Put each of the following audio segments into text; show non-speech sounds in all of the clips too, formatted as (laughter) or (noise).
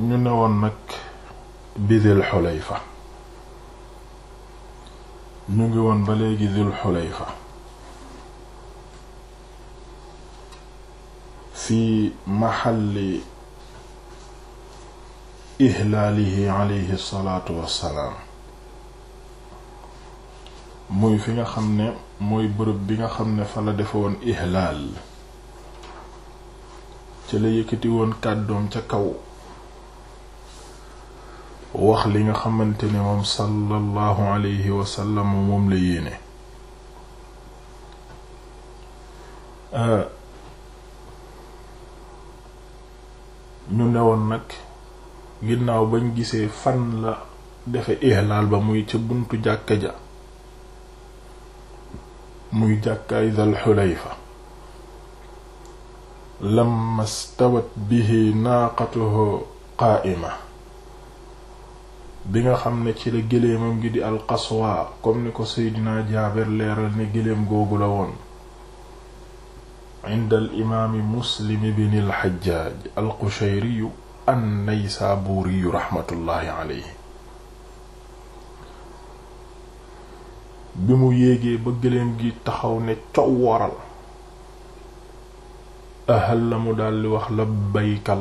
ñu ne woon nag bi Dul Xulayfa ñu ngi woon ba léegi Dul Xulayfa fi maxalli ihlaalihi alayhi salaatu wassalaam muy fi nga xam ne mooy bërëb bi nga xam ne fa la defe woon ihlaal ca la yëkkati woon kàddoom ca kaw wax li nga xamante ne moom sallallahu alayhi wa moom la yéene euh, ñu woon nag ginnaaw bañ gisee fan la defe ihlaal ba muy ca buntu jàkka ja muy jàkkaay dal xulayfa lamma stawat bihi naaqatuhu qaa'ima bi nga xam ne ci la géléemam gi di alqaswa comme ni ko seydina jaabir leeral ne géléem googu la woon inda al imaami muslim ibn al xajjaaj al qushayriyu an raxmatullaahi aleyhi bi mu yéegee ba géléem gi taxaw ne cow ahal la mu daldi wax labbayka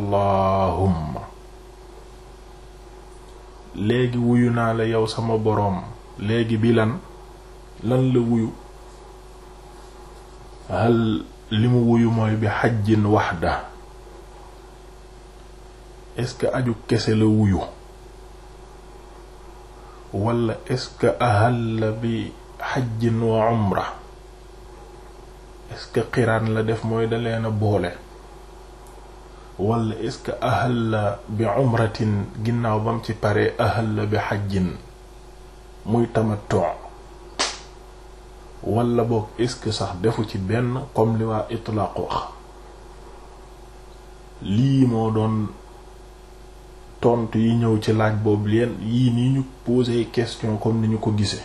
léegi wuyu naa la yow sama boroom léegi bi lan lan la wuyu hal li mu wuyu mooy bi xajjin waxda est-ce que aju kese la wuyu wala est-ce ahal la bi xajjin wa umra est-ce que qiraan la def mooy da leen a boole wala est-ce que ahal la bi umratin ginnaaw bam ci paree ahal la bi xajjin muy tamattu walla boog est-ce que sax defu ci benn comme li waa itlaaq wax lii moo doon tontu yi ñëw ci laaj boobu leen yi nii ñu poser question comme ni ñu ko gisee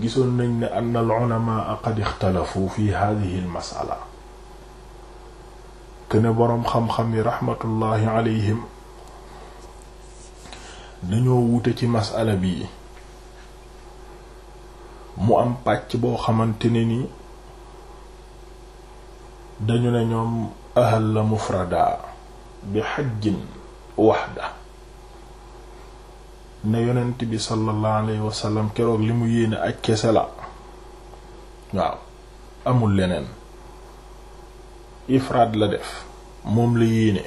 gisoon nañ ne anna al ulama qad ixtalafu fi hadhihi al këne boroom xam-xam yi raxmatullaahi alayhim dañoo wute ci masala bii mu am pàcc boo xamante ne nii dañu ne ñoom ahal la mufrada bi xajjin waxda ne yonent bi sallallahu alayhi wasallam keroog li mu yéene aj kese la waaw amul leneen ifraad la def moom la yéene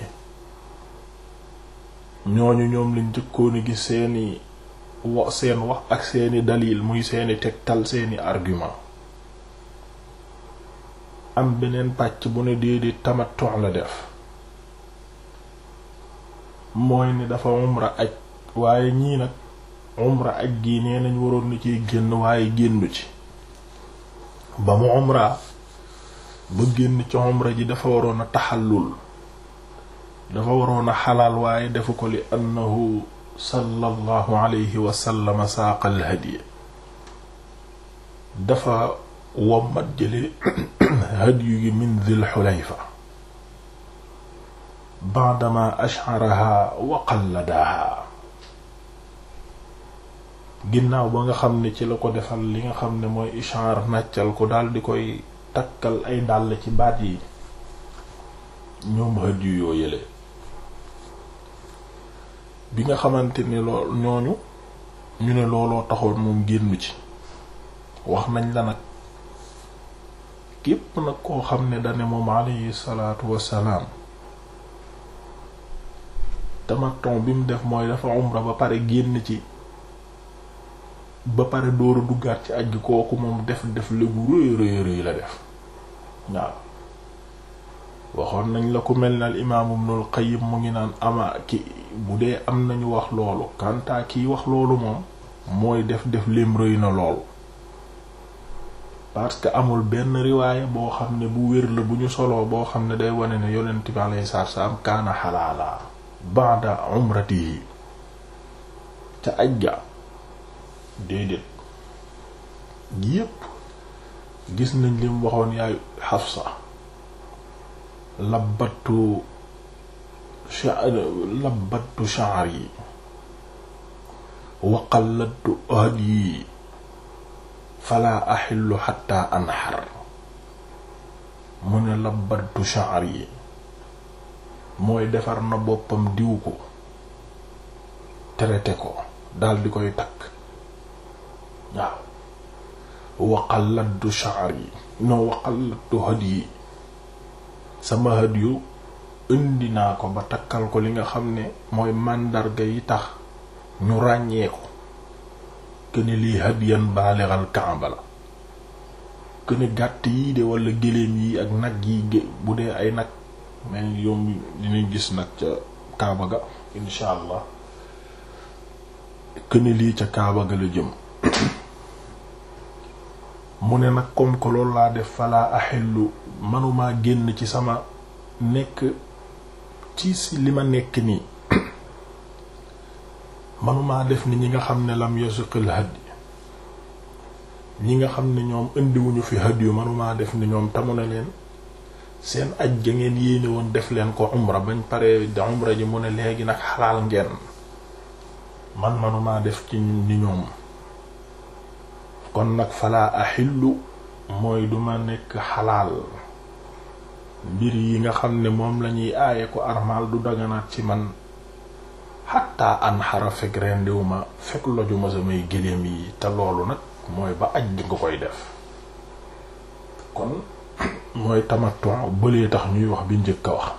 ñooñu ñoom lañ jëkkoon a gis seeni wa seen wax ak seeni dalil muy seeni tal seeni argument am beneen pàcc bu ne déedéet tamattu la def mooy ni dafa umra aj waaye ñii nag umra aj gi nañ waroon na ciy génn waaye génnu ci ba mu umra bu génn ci umra ji dafa waroon a taxallul dafa waroon a xalaal waaye defu ko li annahu sallallahu alayhi wa sallam saaqa al hadiya dafa wommat jële (clears throat) hadiyu gi min dhil xulayfa ba'dama ash'araha wa qalladaha ginnaaw ba nga xam ne ci la ko defal li nga xam ne mooy ishaar nàccal ko daal di koy takkal ay dàll ci baat yi ñoom hëdd yu yoo yële bi nga xamante ni lool ñooñu ñu ne looloo taxoon moom génn ci wax nañ la nag képp nag koo xam ne dane moom alayhi salaatu wassalaam tamaton bi mu def mooy dafa umra ba pare génn ci ba pare door a duggaat ci aj gi kooku moom def def lébu rëy rëy rëy la def waaw waxoon nañ la ku mel ne al imaam Ibnul mu ngi naan ama ki bu dee am nañu wax loolu kantaa kiy wax loolu moom mooy def def lim rëy na lool parce que amul benn riwaaya boo xam ne bu wér la bu ñu soloo boo xam ne day wane ne yonent bi alayhi salaatu salaam kaana xalaala ba'da umratihi ca aj ga déedéet yépp gis nañ li mu waxoon yaay Xafsa labbattu labbattu shaar yi wa qallattu hadyi falaa axillu xatta anxar mu ne labbattu shaar yi mooy defar na boppam diw ko traité ko dal di koy takk waaw du shaar yi non waqalatu had yi sama had yu indi naa ko ba takkal ko li nga xam ne mooy màndarga yi tax ñu ràññee ko këni lii hadiyan baalighal kaaba la këni gàtt yii de wala géléem yi ak nag yi bu dee ay nag mais yomb dinañ gis nag ca kaaba ga insha këni lii ca kaaba ga la jëm (coughs) mu ne nag comme que loolu laa def fala axillu manumaa génn ci sama nekk ci si li ma nekk nii (clears throat) manumaa def ni ñi nga xam ne lam yasuqil hadi ñi nga xam ne ñoom indiwuñu fi hadi yu manumaa def ni ñoom tamu ne leen seen aj ga ngeen yéene woon def leen ko umra bañ pare da umra ji mu ne léegi nag xalaal ngeen man manumaa def ci ni ñoom kon nag falaa axillu mooy duma nekk xalaal mbir yi nga xam ne moom lañuy aaye ko armal du daganaat ci man xatta an xara fekk rendiwuma fekk lojuma samay géléem yi te loolu nag mooy ba aj di nga koy def kon (clears throat) mooy tamattu bëlee tax ñuy wax bi njëkk a wax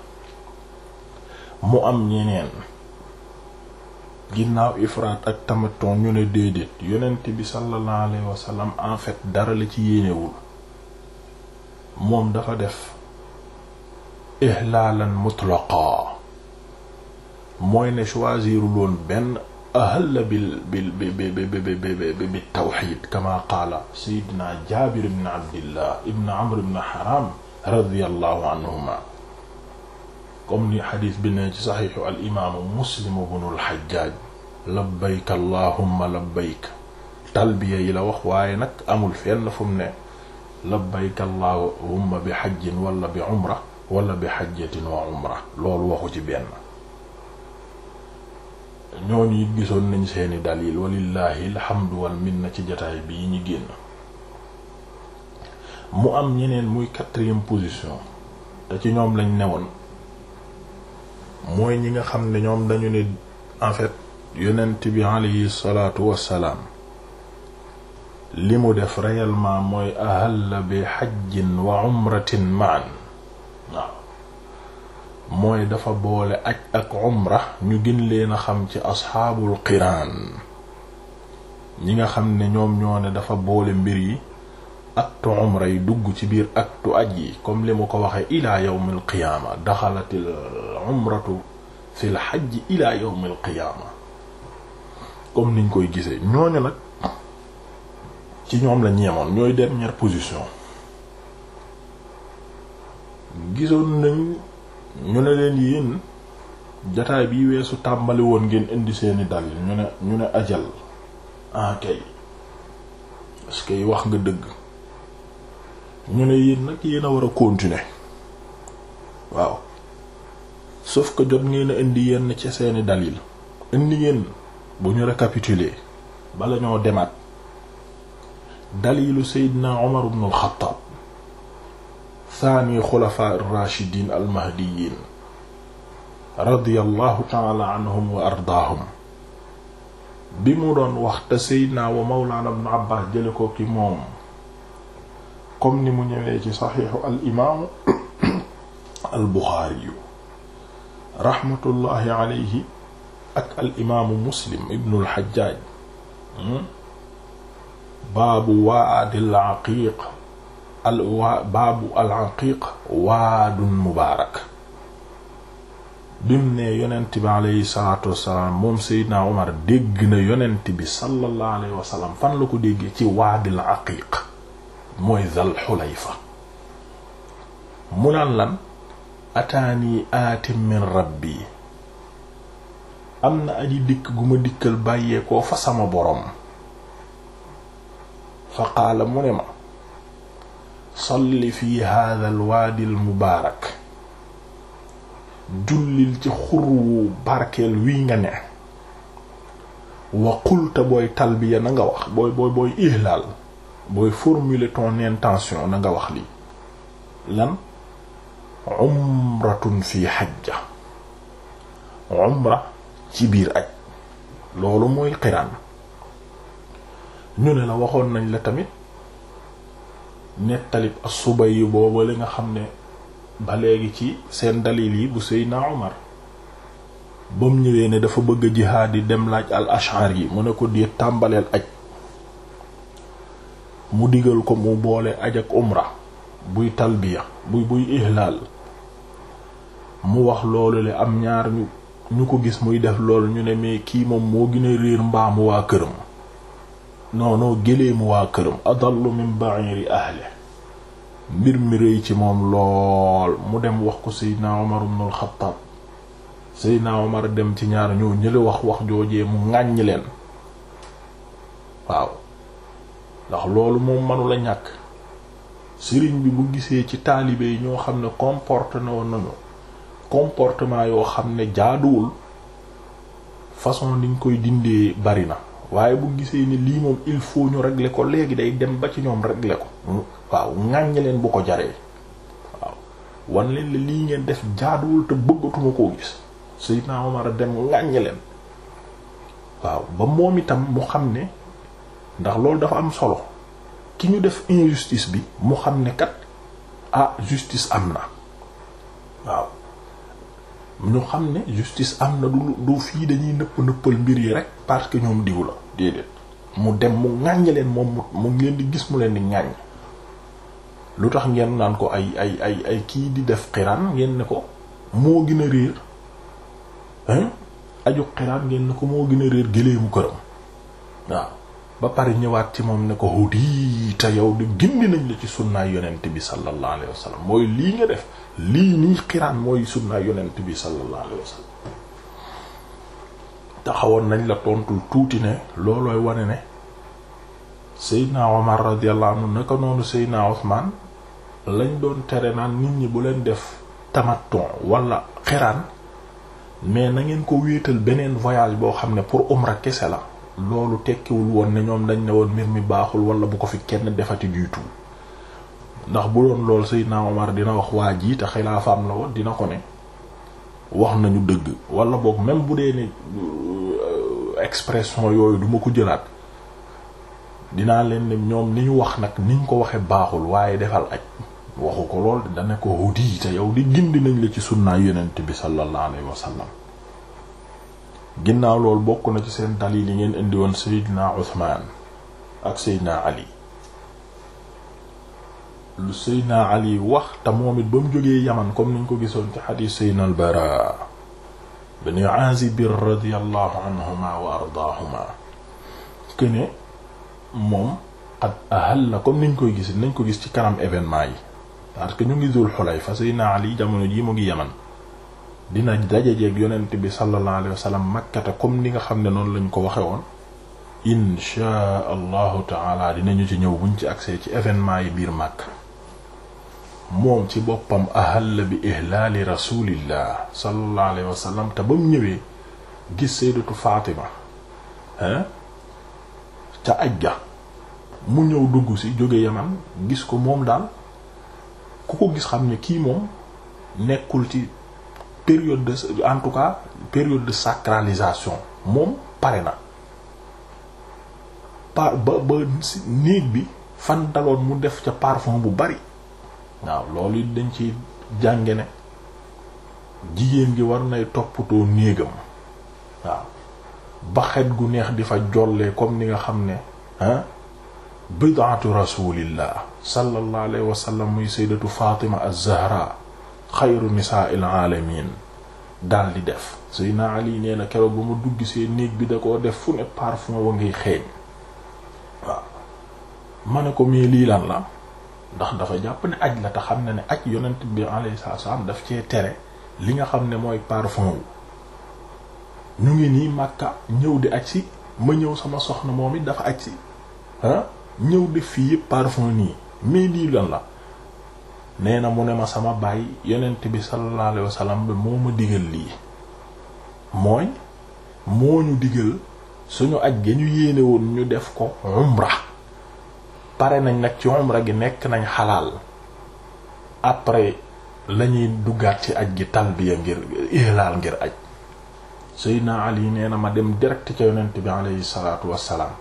mu am ñeneen ginnaaw ifraat ak tamaton ñu ne déedéet yonent bi sallallahu alayhi wa sallam en fait dara la ci yéenewul moom dafa def ihlaalan mutlaqa mooy ne choisirul woon benn ahalla bil bil bi bi bi bi tawxid kama qaala sayyidina jaabir ibn abdillah ibn amr ibn haram radiyallahu anhuma comme ni xadis bi ne ci saxiixu al imaamu muslim ibnul xajjaaj labbayk allahumma labbayk talbiya yi la wax waaye nag amul fenn fu ne labbayk allahumma bi xajjin wala bi umra walla bi xajjatin wa umra loolu waxu ci benn ñoo it gisoon nañ seeni dalil walillahi alhamdu wal minna ci jataay bi ñu génn mu am ñeneen muy quatrième position te ci ñoom lañ newoon mooy ñi nga xam ne ñoom dañu ne en yonent bi aleyhi salaatu wassalaam li mu def réellement mooy ahalla bi xajjin wa umratin maan waaw mooy dafa boole aj ak umra ñu gën leen a xam ci asxaabul qiraan ñi nga xam ne ñoom ñoo ne dafa boole mbir yi aktu umra yi dugg ci biir aktu aj yi comme li mu ko waxee ila yawm al qiyaama daxalatil umratu fil xajji ila yawm al qiyaama comme niñ koy gisee ñooñu nag ci ñoom la ñeemoon ñooy dernière position gisoon nañ ñu ne leen yéen jataay bi weesu tàmbali woon ngeen indi seeni dal ñu ne ñu ne ajal ah kay parce que wax nga dëgg ñu ne yéen nag yéen a war a continuer waaw sauf ko jot ngeen indi yenn ci seeni dalil indi ngeen bu ñu récapituler bala ñoo Umar ibn al thani xulafa ar-rashidin al-mahdiyyin radiyallahu ta'ala anhum wa ardaahum bi mu doon wax te seydina wa mawlana ibn Abbas jële ko ki moom comme ni mu ñëwee ci saxiixu al imaamu al Buxaari yu rahmatullahi ak alimaamu imaamu muslim ibnul xajjaaj hmm? baabu waadil aqiiq al waa baabu al aqiiq waadun mubaarak bim ne yonent bi moom Seydina Omar dégg na yonent bi sallallahu alayhi wa fan la ko déggee ci waadil aqiiq mooy Zal Xulayfa mu naan lan ataani aatim min rabbi am na aji dikk gu ma dikkal bàyyeekoo fa sama boroom fa qaala mu ne ma salli fi hadha al waadi al mubaarak jullil ci xurwu barkeel wii nga ne wa qulta booy talbiya na nga wax booy booy ihlaal booy formuler ton intention na nga wax lii lan umratun fi hajja umra ci biir aj loolu mooy xiraan ñu ne la waxoon nañ la tamit nettalib asubay yi boobu li nga xam ne ba léegi ci seen dalil yi bu Seydina Umar ba mu ñëwee ne dafa bëgg a jihaad yi dem laaj al ashar yi mu ne ko di tàmbaleel aj mu digal ko mu boole aj ak umra buy talbiya buy buy ihlaal mu wax loolu le am ñaar ñu ñu ko gis muy def lool ñu ne mais kii moom moo gën a réer mbaamu waa këram non non géléemu waa këram adallu min ba'iri ahli mbir mi rëy ci moom lool mu dem wax ko Seydina Omar ibn al-Khattab Seydina Omar dem ci ñaar ñoo ñële wax wax joojee mu ŋàññi leen waaw ndax loolu moom manula ñàkk sëriñ bi bu gisee ci taalibe yi ñoo xam ne comporté na woon nañu comportement yoo xam ne jaaduwul façon niñ koy dindee bari na waaye bu gisee ni lii moom il faut ñu régler ko léegi day dem ba ci ñoom régler ko waaw ŋàññ leen bu ko jaree waaw wan leen la lii ngeen def jaaduwul te bëggatuma koo gis Seydina Omar dem ŋàññ leen waaw ba moom itam mu xam ne ndax loolu dafa am solo ki ñu def injustice bi mu xam ne kat ah justice am na waaw ñu xam ne justice am na du fii dañuy nëpp nëppal mbir yi rek parce que ñoom diw la déedéet mu dem mu ŋàññi leen moom mu ngeen di gis mu leen di ŋàññ lu tax ngeen naan ko ay ay ay ay kii di def xiraan ngeen ne ko moo gën a réer hein aju xiraan ngeen ne ko moo gën a réer géléemu këram waaw ba pare ñëwaat ci moom ne ko hudi te yow di gindi nañ la ci sunnaay yonent bi sallallahu alayhi wa mooy lii nga def lii nii xiraan mooy sunnaay yonent bi sallallahu alayhi wa nañ la tontul tuuti ne loolooy wane ne Seydina Omar radiyallahu anhu noonu Seydina Ousmane lañ doon tere naan nit ñi bu leen def tamaton wala xiraan mais na ngeen ko wéetal beneen voyage boo xam ne pour umra kese la loolu tekkiwul woon ne ñoom dañ ne woon mbir mi baaxul wala bu ko fi kenn defati du tout ndax bu doon lool Seydina Omar dina wax waa jiita ji fa am la woon dina ko ne wax nañu dëgg wala boog même bu dee ni euh, expression yooyu duma ko jëlaat dinaa leen ñoom li ñu wax nag niñ ko waxee baaxul waaye defal ak waxu ko lool dana ko hudi te yow di gindi nañ la ci sunnaay yonent bi sallallahu alayhi wa sallam ginnaaw loolu bokk na ci seen dalil yi ngeen indi woon Seydina Usmaan ak Seydina Ali lu Seydina Ali wax te moom it ba mu jógee Yaman comme niñ ko gisoon ci xadiis Seydina al-Baraa bin Aazib radiyallahu anhuma wa ardaahuma këne moom qad ahalla comme niñ koy gis nañ ko gis ci kanam événement yi parce que ñu ngi Dul Xulayfa Seydina Ali jamono jii mu ngi Yaman dina dajajeeg yonent bi sallallahu alayhi wa sallam makkata comme ni nga xam ne noonu lañ ko waxe woon inchaa allahu taala dinañu ci ñëw buñ ci accès ci événement yi biir màkk moom ci boppam ahalla bi ihlaali rasulillah sallallahu alayhi wa sallam te bam ñëwee gis sayyidatu Fatima hein ca ajja mu ñëw dugg si jóge Yaman gis ko moom daal ku ko gis xam ne kii moom nekkul ci période de en tout cas période de sacralisation moom pare na par ba ba niit bi fan mu def ca parfon bu bari waaw loolu dañ ci jànge ne jigéen gi war nay toppatoo néegam waaw ba gu neex di fa jolle comme ni nga xam ne ah bidaatu rasulillah sallallahu alayhi wa sallam muy sayyidatu Fatima az xayru nisaa'il aalamiin daal di def Seydina Ali nee na keroog ba mu dugg seen néeg bi da koo def fu ne parfum wa ngay xeeñ waaw ma ne ko mais lii la ndax dafa jàpp ne aj la te xam ne ne aj yonent bi alayhi salaam daf cee tere li nga xam ne mooy parfum wu ñu ngi nii Makka ñëw di aj si ma ñëw sama soxna moom it dafa aj si ah, ñëw def fii yëpp parfum nii mais la nee na mu ne ma sama baay yonent bi sallallahu alayhi wasallam moo ma digal lii mooy moo ñu digal suñu aj ga ñu yéene woon ñu def ko umra pare nañ nag ci umra gi nekk nañ xalaal après lañuy duggaat ci aj gi talbiya ngir ihlaal ngir aj Seydina Ali nee na ma dem direct ca yonent bi alayhi salaatu wassalaam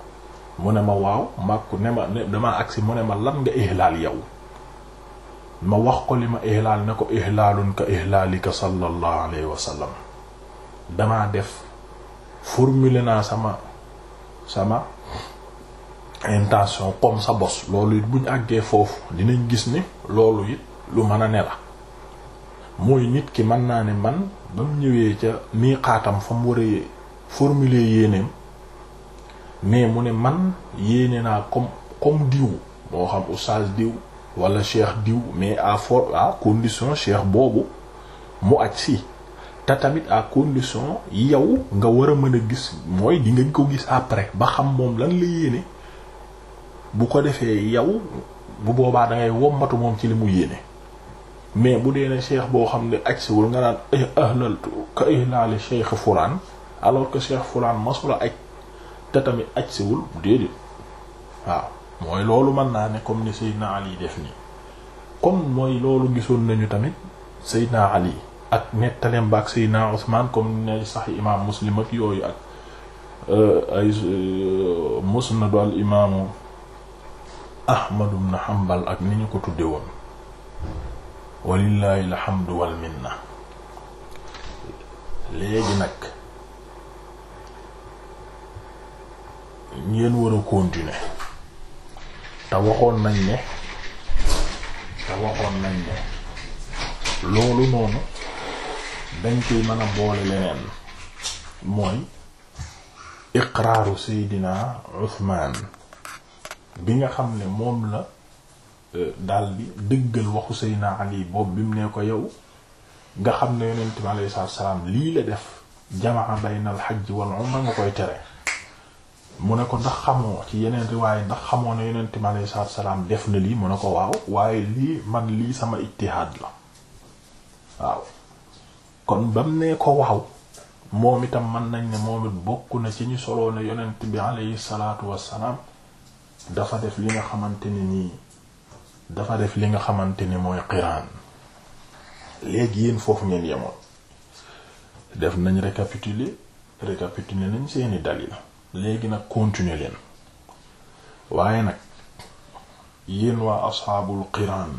mu ne ma waaw màkku ne ma dama agsi mu ne ma lan nga ihlaal yow ma wax ko li ma ihlaal ne ko ihlaalun ka ihlaalika sallallahu alayhi wa sallam damaa def formulé naa sama sama intention comme sa bos loolu it buñ àggee foofu dinañ gis ni loolu it lu mën a ne la mooy nit ki mën naa ne man ba mu ñëwee ca mii xaatam fa mu waree formuler yéeneem mais mu ne man yéene naa comme comme diw moo xam oustaz diw wala cheikh diw mais à for à condition cheikh boobu mu aj si te tamit à condition yow nga war a mën a gis mooy di nga ko gis après ba xam moom lan la yéene bu ko defee yow bu boobaa da ngay wommatu moom ci li mu yéene mais bu dee ne cheikh boo xam ne aj siwul nga naan eh, ahlaltu ka ihlaali cheikh fulaan alors que cheikh fulaan masula aj te tamit aj siwul déedéet waaw mooy loolu mën naa ne comme ni Seydina Ali def nii comme mooy loolu gisoon nañu tamit Seydina Ali ak nettaleem ba ak Seydina Usmaan comme ne sax imaam Muslim ak yooyu ak euh, ay euh, musnadu al imaamu Ahmad ibn Hanbal ak ni ñu ko tudde woon walillahi alhamdu wal léegi nag ngeen war a te waxoon nañ ne te waxoon nañ ne loolu noonu dañ koy mën a boole leneen mooy iqraaru seydina Usmaan bi nga xam ne moom la e, daldi dëggal waxu seydina Ali boobu bi mu ne ko yow nga xam ne yonent bi alayhi salaam lii la def jamaa bayna al hajj wal umra nga koy tere mu ne ko ndax xamoo ci yeneen riwaaye ndax xamoo ne yonent mi alayhi salaam def na lii mu ne ko waaw waaye lii man lii sama ijtihaad la waaw kon bam nee ko waaw moom itam mën nañ ne moom it bokk na ci ñu soloo ne yonent bi alayhi salaatu wassalaam dafa def li nga xamante ni nii dafa def li nga xamante ni mooy qiraan léegi yéen foofu ngeen yemoon def nañ récapituler récapituler nañ seeni dalil léegi nag continuer leen waaye nag yéen waa asxaabul qiraan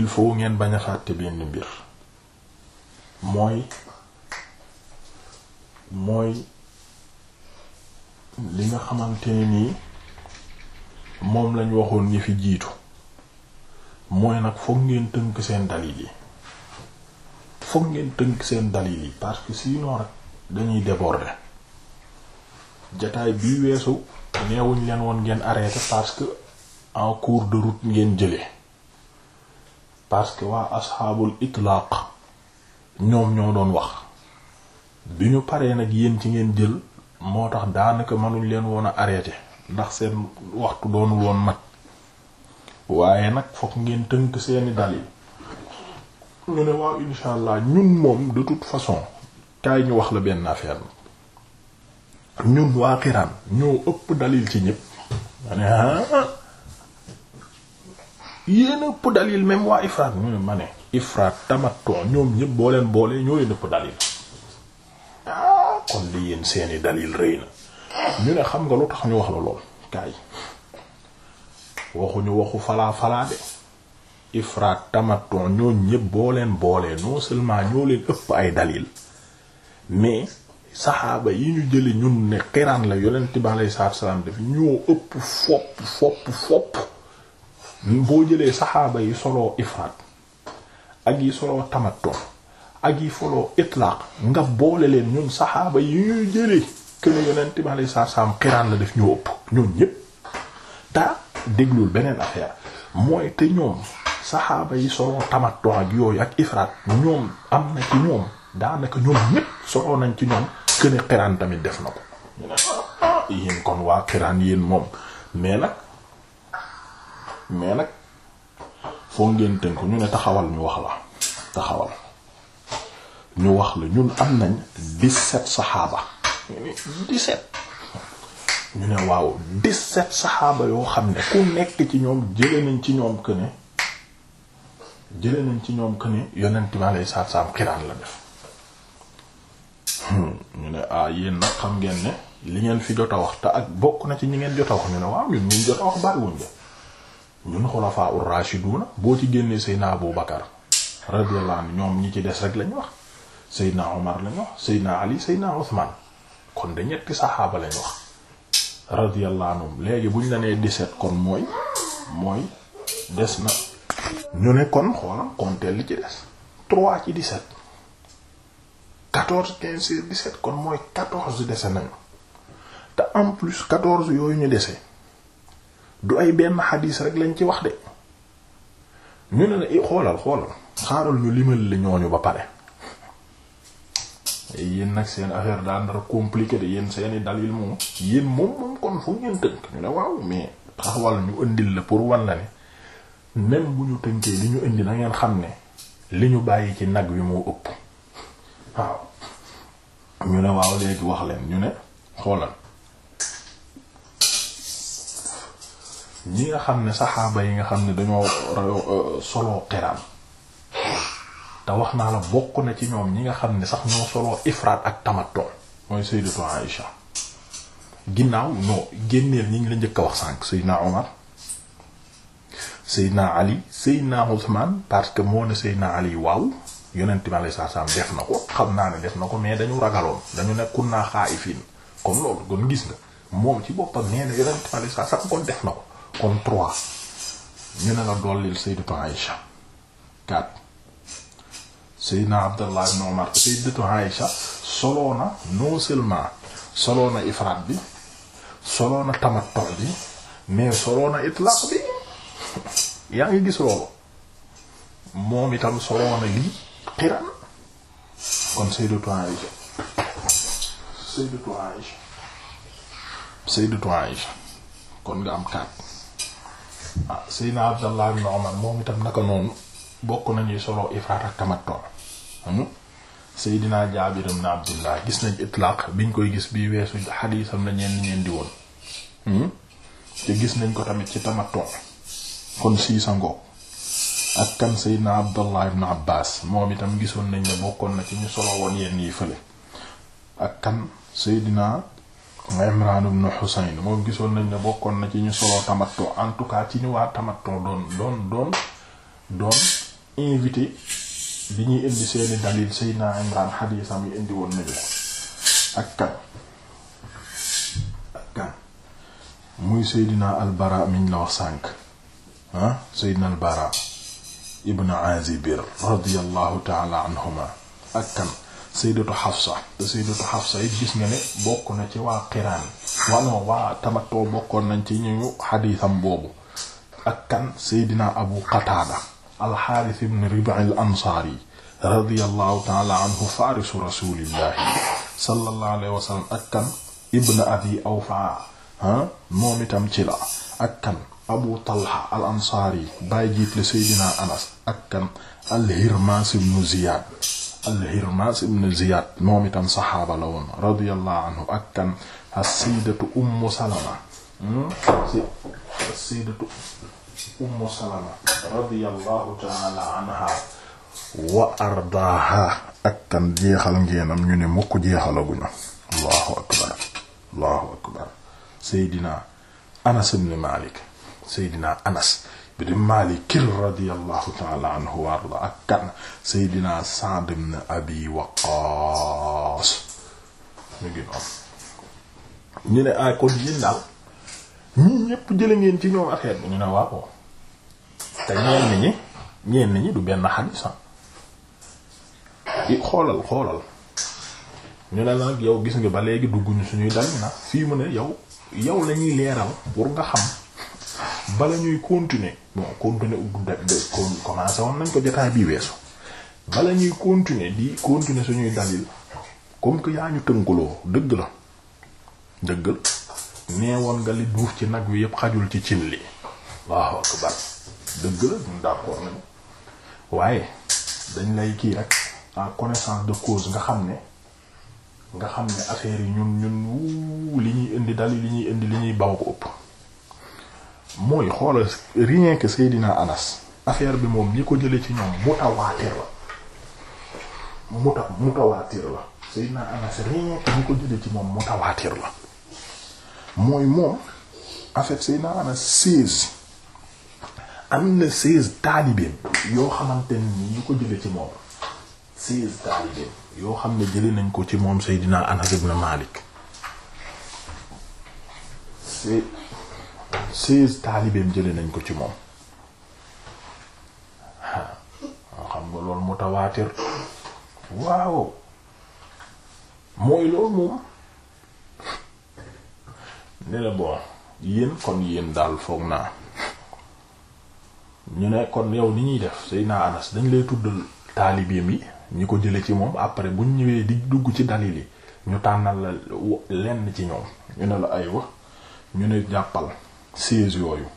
il faut ngeen bañ a fàtte benn mbir mooy mooy li nga xamante ne nii moom lañ waxoon ñi fi jiitu mooy nag foog ngeen tënk seen dalil yi foog ngeen tënk seen dalil yi parce que sinon rek dañuy déborder jataay bii weesu neewuñ leen woon ngeen arrêté parce que en cours de route ngeen jëlee parce que waa asxaabul itlaq ñoom ñoo doon wax bi ñu paree nag yéen ci ngeen jël moo tax daanaka mënuñ leen woon a arrêté ndax seen waxtu doonul woon mat waaye nag fokk ngeen tënk seeni dal yi ñu ne waaw incha ñun moom de toute façon kaay ñu wax la benn affaire ñun waa Qiraan ñoo ëpp dalil ci ñépp ma ne ah, ah. yéen ëpp dalil même waa ifraat ñu ne ma ne ifraat tamattu ñoom ñépp boo leen boolee ñoo leen ëpp dalil ah, kon li yéen seeni dalil rëy na ñu ne xam nga lu tax ñu wax la lool kaay waxuñu waxu falaa falaa de ifraat tamattu ñoom ñépp boo leen boolee non seulement ñoo leen ëpp ay dalil mais saxaaba yi ñu jëli ñun ne xiraan la yonent bi alayhi salaatu salaam def ñoo ëpp fopp fopp fopp boo jëlee saxaaba yi solo ifraat ak yi solo tamattu ak yi soloo itlaaq nga boole leen ñun saxaaba yi ñuy jëlee que ne la def ñoo ëpp ñun beneen affaire mooy yi soloo tamattu ak yooyu ak ifraat ñoom am na ci ñoom daanaka ñoom ñépp soloo nañ ci ñoom que ne xiraan tamit def na ko ñu ne kon waa xiraan yéen moom mais nag mais nag foo ngeen tënk ñu ne taxawal ñu wax la taxawal ñu wax la ñun am nañ dix-sept saxaaba ñu ne waaw dix-sept saxaaba yoo xam ne ku nekk ci ñoom jële nañ ci ñoom que ne ci ñoom que ne yonent bi alayhi salaam xiraan la def hmm. ne ah yéen nag xam ngeen ne li ngeen fi jot a wax te ak bokk na ci ñi ngeen jot a wax ñu ne waaw ñun ñu jot a wax bariwuñ ko ñun xulafaa ur rashiduna boo ci génnee Seydina Abu Bakar radiyallahu anhu ñoom ñi ci des rek lañ wax Seydina Omar lañ wax Seydina Ali Seydina Othman kon de ñetti saxaaba lañ wax radiyallahu anhum léegi buñ la nee set kon mooy mooy des na ñu ne kon xoolal compter li ci des 3 ci 17. quatorze quinze seize dix-sept kon mooy quatorze dese nañu te en plus quatorze yooyu ñu dese du ay benn xadiis rek lañ ci wax de ñu ne ne eh, xoolal xoolal xaaral ñu limal la ñooñu ba pare eh, yéen nag seen affaire daan dara compliqué de yéen seeni dalil moom yéen moom moom kon fu ngeen tënk ñu ne waaw mais taxawal ñu indil la pour wan la ne même bu ñu tënkee li ñu indi na ngeen xam ne li ñu bàyyi ci nag wi moo ëpp waaw ñu ne waaw léegi wax leen ñu ne xoolal ñi nga xam ne saxaaba yi nga xam ne dañoo euh, solo xiraan te wax naa la bokk na ci ñoom ñi nga xam ne sax ñoo soloo ifraat ak tamattu mooy sayyidatu Aïsha ginnaaw ñoo génneel ñi ngi la njëkk a wax sànq sayyidna Omar sayyidna Ali sayyidna Usman parce que moo ne sayyidna Ali waaw yonent bi alayhi def na ko xam naa ne def na ko mais dañu ragaloon dañu nekkul naa xaayifiin comme loolu kon gis nga moom ci boppam nee na yonent bi alayhi salaam kon def na ko kon trois ñu ne la dollil sayyidatu Aïcha quatre sayyidina Abdallah ibn Umar sayyidatu Aïcha soloo na non seulement soloo na ifraat bi soloo na tamattu bi mais soloo na bi (laughs) yaa ngi gis loolu moom itam soloo lii xiran kon sayyidatu Aisha sayyidatu Aisha sayyidatu Aisha kon nga am kaat ah sayyidina Abdallah ibn Umar moom itam naka noonu bokk nañuy solo ifaat ak tamattu hmm? seydinaa jaabir ibn abdullah gis nañ itlaaq biñ koy gis bii weesu xadiisam na ñeen ñeen di woon hmm? te gis nañ ko tamit ci tamattu kon sii sa ak kan sayyidna abdallah ibn abbas moom itam gisoon nañ ne bokkoon na ci ñu solo woon yenn yi fële ak kan sayyidna imran ibn husayn moom gisoon nañ ne bokkoon na ci ñu solo tamattu en tout ci ñu waa tamattu doon doon doon doon invité bi ñuy indi seeni dalil sayyidna imran xadiisam muy sayyidna albara miñ la wax sànk ah sayyidna ibn azibir radiallahu taala anhuma ak kan saydatu xafsa te it gis nga ne bokk na ci waa qiraan wano waa tamatoo bokkoon nañ ci ñu xadiisam boobu ak kan saydina abu qataada alxaaris ibn ribail ansaari radiallahu taala anhu farisu rasulillahi sallallahu alayhi wa abi awfa ah, moom itam ci la abu talha al ansaari bàyyi jiit la seydina anas ak kan al hirmas ibn ziyad al hirmas ibn ziyad moom itam saxaaba la woon radiyallahu anhu ak kan al saydatu umm salama hmm? al saydatu umm salama radiyallahu ta'ala anha wa ardaaha ak kan jeexal ngeenam ñu ne mukk jeexalaguñu allahu akbar allahu akbar seydina anas ibn malik seydina anas bi di maalikir radiallahu taala anhu wa arda ak kan seydina sa'd ibn abi waqaas ñu ne ay ah, kon yéen daal ñii ñépp jële ngeen ci ñoom affaire bi ñu ne waaw te ñenn ñi ñenn ñi du benn xadiis ah. xoolal xoolal ñu ne nag yow gis nga ba léegi dugg ñu suñuy dal na ah. fii mu ne yow yow lañuy leeral pour nga xam bala ñuy continuer bon continuer udd commencé woon nañ ko jotaay bii weesu bala ñuy continuer di continuer suñuy dalil comme que yaa ñu tënkuloo dëgg la dëgg la nee woon ci nag wi yépp xajul ci cin li waaw waaye dañ lay kii rek en connaissance de cause nga xam ne nga xam ne affaire yi ñun ñun wuu li ñuy indi dal li ñuy indi li ñuy baw ko ëpp mooy xoolal rien que Seydina Anas affaire bi moom ñi ko jëlee ci ñoom mutawaatir la muta mutawaatir la Seydina Anas rien que ñi ko jëlee ci moom mutawaatir la mooy moom en fait Seydina Anas seize am na seize taalibeem yoo xamante ni ci moom seize yoo xam ne jëlee nañ ko ci moom Seydina Anas ibn Malik c'est seize taalibeem jële nañ ko ci moom waaw ah, xam nga loolu mu mutawaatir waaw mooy loolu moom ne la bon yéen kon yéen daal foog naa ñu ne kon yow ni ñuy def Seydina Anas dañ lay tuddal taalibeem yi ñu ko jële ci moom après buñ ñëwee di dugg ci dalil yi ñu tànnal la lenn ci ñoom ñu ne la aywa ñu ne jàppal seize yooyu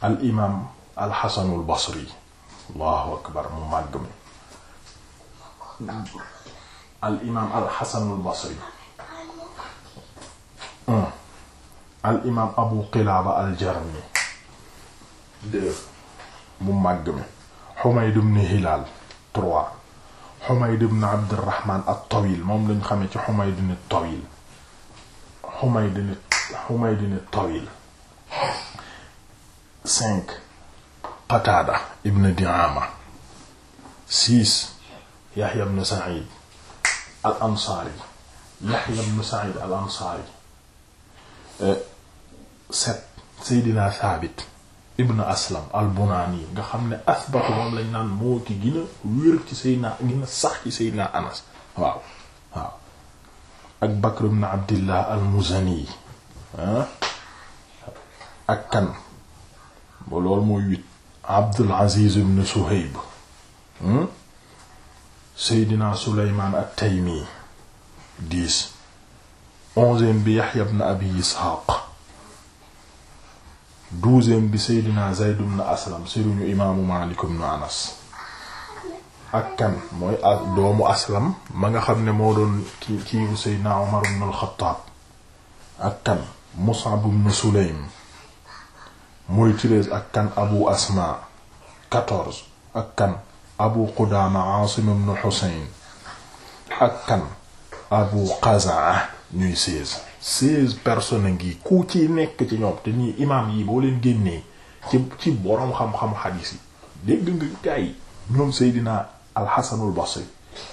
al imaam al xasanul basri allahu akbar mu màgg mi al imaam al xasanul basri al imaam abu qilaaba al jarmi deux mu màgg mi xumayd ibn hilaal trois xumayd ibn abdurrahmaan at tawil moom lañ xamee ci xumayd ibn tawil xumayd Humaydin Tawil cinq Qataada ibn Di'aama six Yahya ibn Sa'id al-Ansaari Yahya ibn Sa'id al-Ansaari eh, sept Seydina Saabit ibn Aslam al-Bunaani nga xam ne asbatu moom lañ naan moo ki gën a ci Seydina gën sax ci Seydina Anas waaw ak Bakr ibn Abdillah al-Muzani ak kan ba loolu mooy huit Abdul Aziz ibn Suhayb hmm? Seydina Suleymaan at-Taymi dix onzième bi Yahya ibn Abi Isxaaq douzième bi Seydina Zayd ibn Aslam sëriñu imaamu Maalik ibn Anas ak kan mooy doomu Aslam ma nga xam ne moo doon kii Seydina Umar ibn al ak kan Mus'ab ibn Sulaym muy treize ak kan Abu Asma quatorze ak kan Abu Qudaama Aasim ibn Husayn ak kan Abu Qaza'a ñuy seize seize personnes ngi ku ci nekk ci ñoom te nii imaam yi boo leen génnee ci ci boroom xam-xam xadiis yi dégg nga gaa yi ñoom Seydina Al-Hasanul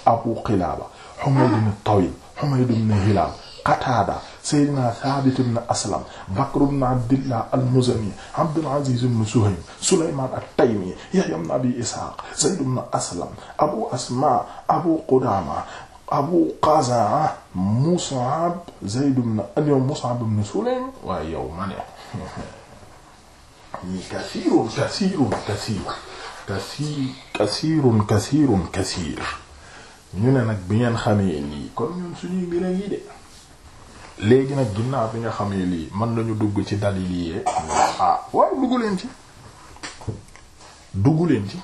Abu Qilaaba Humayd ibn Tawil Humayd ibn Hilaal Qataada Seydina Thabit ibn Aslam Bakr ibn Abdillah al-Muzani Abdul Aziz ibn Suhaym Sulaymaan at-Taymi Yahya ibn Abi Ishaq Zayd ibn Aslam Abu Asma Abu Qudama Abu Qazaa Mus'ab Zayd ibn yow Mus'ab ibn Sulaym waaye yow ma ne ñii (laughs) kasiirun kasiirun kasiir kasiir kasiirun kasiirun kasiir ñu ne nag bi ngeen xamee nii kon ñun suñuy mbir a ngi de léegi nag ginnaaw bi nga xamee lii mën lañu dugg ci dalil yi ah waaw dugg leen ci dugg leen ci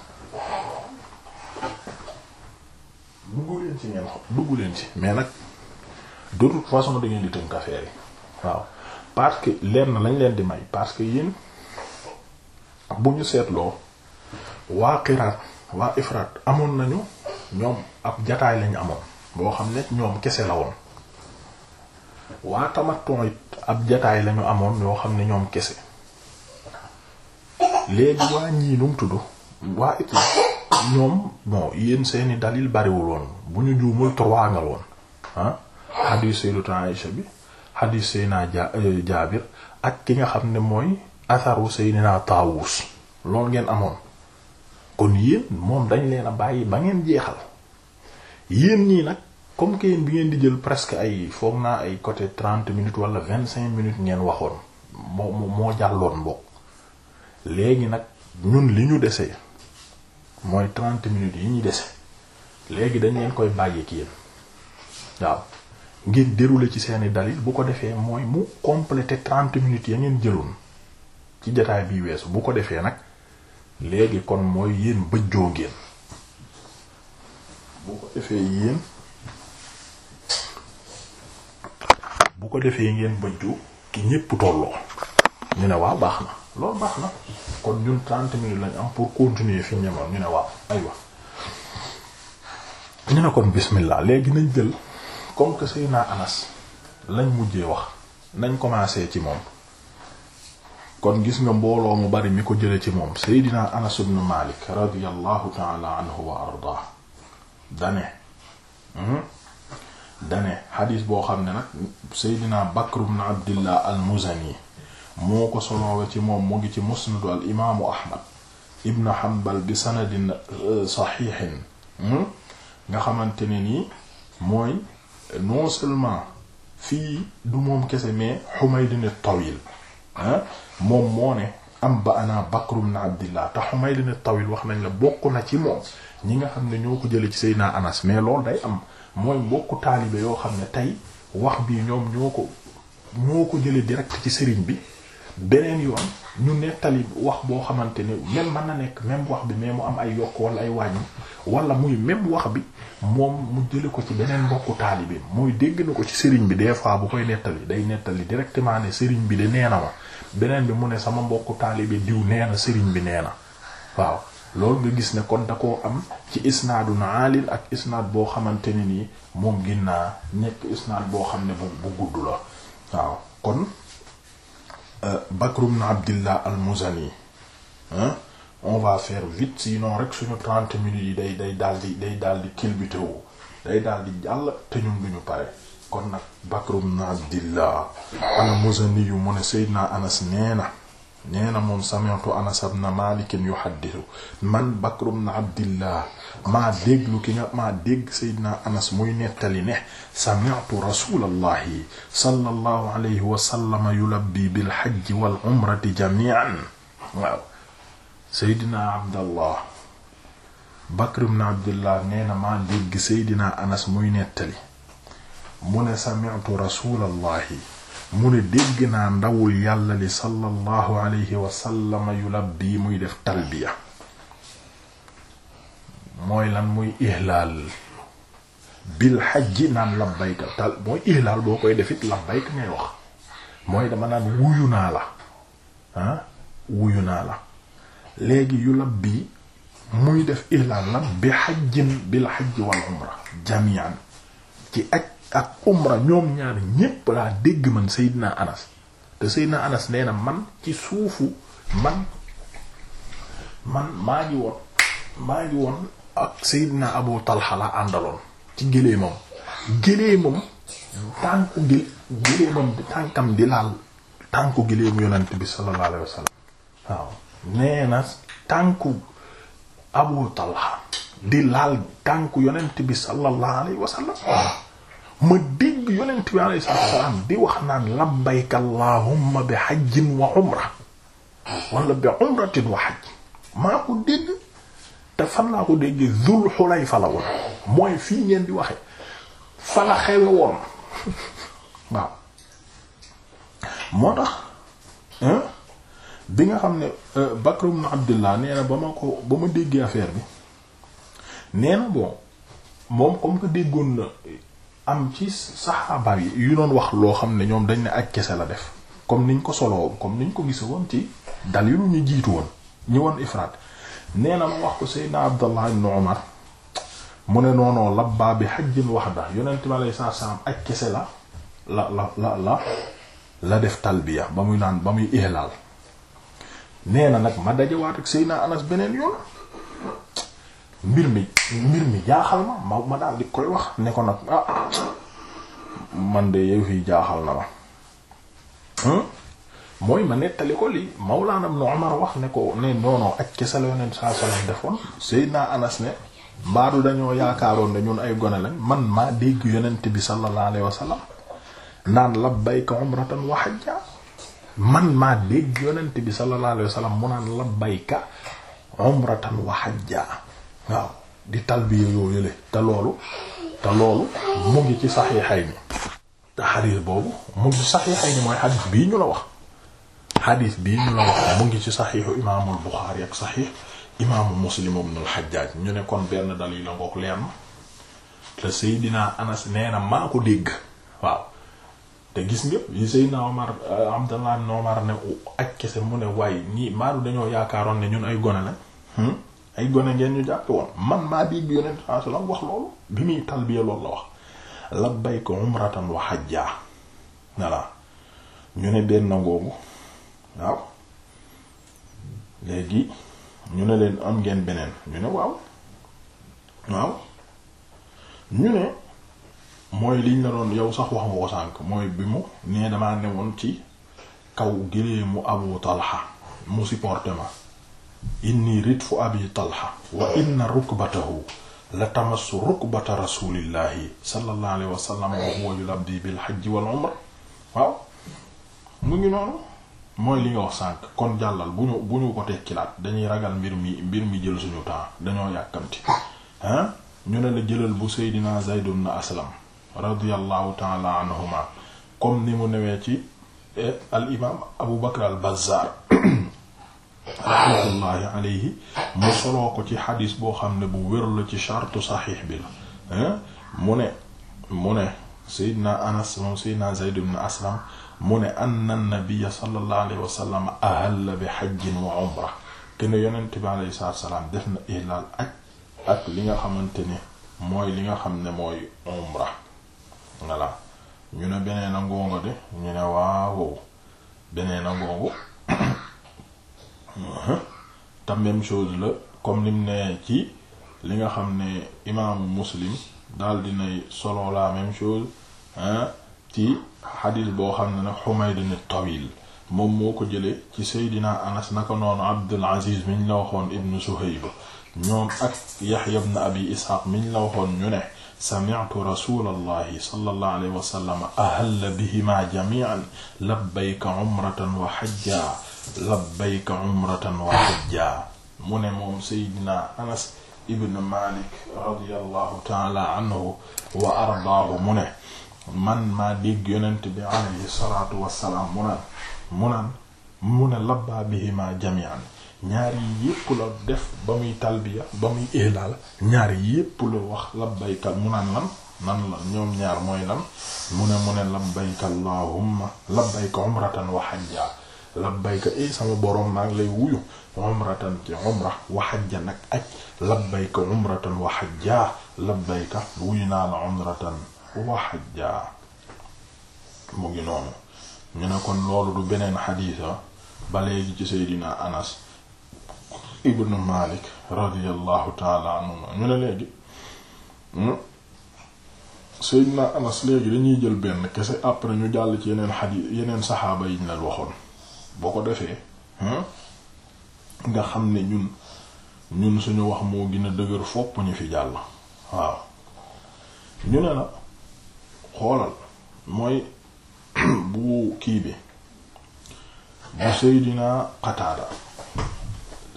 dugg leen ci dugg leen ci mais nag du toute façon da ngeen di tënk affaire waaw parce que leer na lañ leen di may parce que yéen bu ñu seetloo waa xiraat waa ifraat amoon nañu ñoom ab jataay lañ amoon boo xam ne ñoom kese la woon waa tamatton it ab jataay lañu amoon yoo xam ne ñoom kese léegi waa ñii num tudd waa it ñoom bon yéen seeni dalil bariwul woon bu ñu juumul trois nga woon ah hadith sayyidatu Aisha bi hadith naa euh, Jaabir ak ki nga xam ne mooy atharu sayyidina Taawus loolu ngeen amoon kon yéen moom dañ leen a bàyyi ba ngeen jeexal yéen ñii nag comme que bi ngeen di jël presque ay foog naa ay côté trente minutes wala vingt cinq minutes ngeen waxoon moo moo jàlloon mbokk léegi nag ñun li ñu desee mooy trente minutes yi ñu dese léegi dañ koy bàyyi ki yéen waaw ngeen dérouler ci seeni dalil bu ko defee mooy mu compléter trente minutes ya ngeen jëloon ci jataay bi weesu bu ko defee nag léegi kon mooy yéen bëjjoo ngeen bu ko defee yéen. bu ko defee ngeen bëjju ki ñépp tolloo ñu ne waaw baax na loolu baax na kon ñun trente minutes lañ am pour continuer fi ñemoon ñu ne waaw aywa ñu ne kon bismillah léegi nañ jël comme que Seydina Anas lañ mujjee wax nañ commencé ci moom kon gis nga mbooloo mu bari mi ko jële ci moom Seydina Anas ibn Malik radiyallahu ta'ala anhu wa arda dane hmm? dane xadis boo xam ne nag seydina bakr ibn abdillah al muzani moo ko soloowe ci moom mu ngi ci musnadu al imaamu ahmad ibn hanbal bi sanadin euh, saxiixin hmm? nga xamante ne nii mooy non seulement fii du moom kese mais Humayd at-Tawil moom moo ne am ba ana Bakr ibn Abdillah te Humayd at-Tawil wax nañ la bokk na ci moom ñi nga xam ne ñoo ko jëlee ci Seydina Anas mais loolu day am mooy mbokku taalibe yoo xam ne tey wax bii ñoom ñoo ko ñoo ko jëlee direct ci sëriñ bi beneen yoon ñu nettali wax boo xamante ne même mën na nekk même wax bi mais mu am ay yokk wala ay wàññi wala muy même wax bi moom mu jële ko ci beneen mbokku taalibe mooy dégg ko ci sëriñ bi des fois bu koy nettali day nettali directement ne sëriñ bi de nee na ma beneen bi mu ne sama mbokku taalibe diw nee na sëriñ bi nee na waaw loolu nga gis ne kon da koo am ci isnaadu aalin ak isnaad boo xamante ne nii moom ginnaa nekk isnaad boo xam ne bu gudd la waaw kon euh, Bakr na Abdillah al-Muzani on va faire vite sinon rek suñu trente minutes yi day day daldi day daldi kilbitewu day daldi jàll te ñun duñu pare kon nag Bakr ibn Abdillah al-Muzani yu mu ne Seydina Anas nee na nee na moom sami'tu Anas ibn Malik yuhaddithu man Bakr ibn Abdillah maa déglu ki nga maa dégg Seydina Anas muy nettali ne sami'tu rasulallahi sallallahu alayhi wa sallam yulabbi bil hajji wal umrati jami'an waaw Seydina Abdallah Bakr ibn Abdillah nee na maa dégg Seydina Anas muy nettali mu ne sami'tu rasulallahi mu ne dégg naa ndawul yàlla li sallallahu alayhi wa sallam yulabbi muy def talbiya mooy lan muy ihlaal bil hajji naan labbayka tal mooy ihlaal boo koy defit labbayka ngay wax mooy dama naan wuyu naa la ah wuyu naa la léegi yulabbi muy def ihlaal lan bi hajjin bil hajji wal umra jami'an ci aj ak umra ñoom ñaar ñépp laa dégg man Seydina Anas te Seydina Anas nee man ci suufu man maa ngi woon maa ngi woon ak Seydina Abu Talha la àndaloon ci géléemam géléemam tànku gil géléemam tànkam di laal tànku géléemu yonent bi sallallahu alayhi waaw nee tànku Abu Talha di laal tànku yonent bi sallallahu alayhi wasallam ma dégg yonent bi alayhi salaam di wax naan labbayka bi hajjin wa umra wala bi umratin fan laa ko dégg Zul fii ngeen di waxe (laughs) waaw moo tax bi nga xam ne euh, Bakr ibn Abdullah nee ba ma ko ba ma déggee affaire bi nee bon moom comme que déggoon na am ci saxaaba yi yu doon wax loo xam ne ñoom dañ ne ak kese la def comme niñ ko solowoon comme niñ ko gis woon ci dal yu ñu jiitu woon ñi woon ifraat nee na ma wax ko Seydina Abdallah ibn Umar mu ne noonoo labba bi hajjin wahda yonent bi alayhi salaatu salaam ak kese la la la la la la def talbiya ba muy naan ba muy ihlaal nee na nag ma dajawaat ak Seydina Anas beneen yoon mbir mi mbir mi jaaxal ma ma ma daal di koy wax ne ko nag ah, man de yow fii jaaxal na ma hmm? mooy ma nettali ko li Mawlaana Ibn Umar wax ne ko ne noonoo ak kese la yoneen saa salaam defoon Seydina Anas ne mbaadu dañoo yaakaaroon ne ay gone lañ man maa dégg yonent bi sallallahu alayhi wasallam naan labbayka umratan wa hajja man maa dégg yonent bi sallallahu alayhi wasallam mu naan labbayka umratan wa waaw di talbiya yoo yële te loolu te loolu mu ngi ci saxiixay ni te xadiis boobu mu ngi ci saxiixay ni mooy xadiis bii ñu la wax xadiis bii ñu la wax mu ngi ci saxiixu imaamul Buxaari ak saxiix imaamu Muslim ibn al ñu ne kon benn dalil la ngoog leer na te Seydina Anas nee na maa ko dégg waaw te gis nga li Seydina Omar euh, Abdallah ibn Omar ne ak kese mu ne waaye ñii maalu dañoo yaakaaroon ne ñun ay gone la hmm? ay gone ngeen ñu jàppe woon man maa bii bi yonent saa wax loolu bi muy talbiya loolu la wax labbayka umratan wa jaa voilà ñu ne benn ngoogu waaw léegi ñu ne leen am ngeen beneen ñu ne waaw waaw ñu ne mooy liñ la yow sax wax nga ko sànk mooy bi mu nee damaa newoon ci kaw gëleemu Abu Talha mu supporté ma inni ritfu abi talha wa inna rukbatahu la tamassu rukbata rasulillahi sallallahu alayhi wa sallam wa huwa yulabbi bil hajji wal waaw mu ngi noonu mooy li nga wax sànq kon jàllal bu ñu ko tekkilaat dañuy ragal mbir mi mbir mi jël suñu temps dañoo yàkkamti ñu ne la jëlal bu seydina Zayd ibn Aslam radiyallahu ta'ala anhuma comme ni mu newee ci eh, al Abu Bakr al rahmatullahi alayhi mu soloo ko ci xadis boo xam ne bu wér la ci chartu saxiix bi la eh? mu ne mu ne sayyidina anas moom sayyidina zayd ibn aslam mu ne anna nabiyya sallallahu alayhi wa sallam ahalla bi hajjin wa umra kenn yonent bi ak li nga xamante ni mooy li nga xam ne mooy umra voilà ñu ne beneen a ngoongo de ñu ne waawow beneen a ngoongo Uh-huh. te même chose la comme nim ne ci li nga xam ne imaamu muslim daal dinay solo la même chose ci xadis boo xam ne nag Humayd ibn Tawil moom moo ko jëlee ci Seydina Anas naka noonu Abdul Aziz miñ la waxoon ibn Suhayb ñoom ak Yahya ibn Abi Ishaq miñ la waxoon ñu ne sami'tu rasulallahi sallallahu alayhi wa sallam ahalla bihima jami'an labbayka umratan wa labbayka umratan wa hajja mu ne moom seydina anas ibn malik radiyallahu taala anhu wa ardaahu mu ne man maa dégg yonent bi alayhi salaatu wassalaam mu naan mu naan mu ñaar yi yépp def ba muy talbiya ba muy ihlaal ñaar yi yépp wax labbayka mu naan lan nan la ñoom ñaar mooy lan mu ne mu ne labbayka allahumma labbayka umratan wa hajja labbayka eh sama borom maa ngi lay wuyu umratan ci umra wa nag ak aj labbayka wa hajja wuyu naa la umratan wa hajja mu ngi noonu ñu ne kon loolu du beneen xadiisa ah. ba léegi ci seydina anas ibnu malik radiyallahu taala anhu ñu ne léegi hmm? seydina anas léegi dañuy jël benn kese après ñu jàll ci yeneen xadiis yeneen saxaaba yiñ la waxoon boo ko defee nga xam ne ñun ñun suñu wax moo gina dëgër fopp ñu fi jàll waaw ñu ne la xoolal mooy (clears throat) bu kii bi bu Seydina Qataada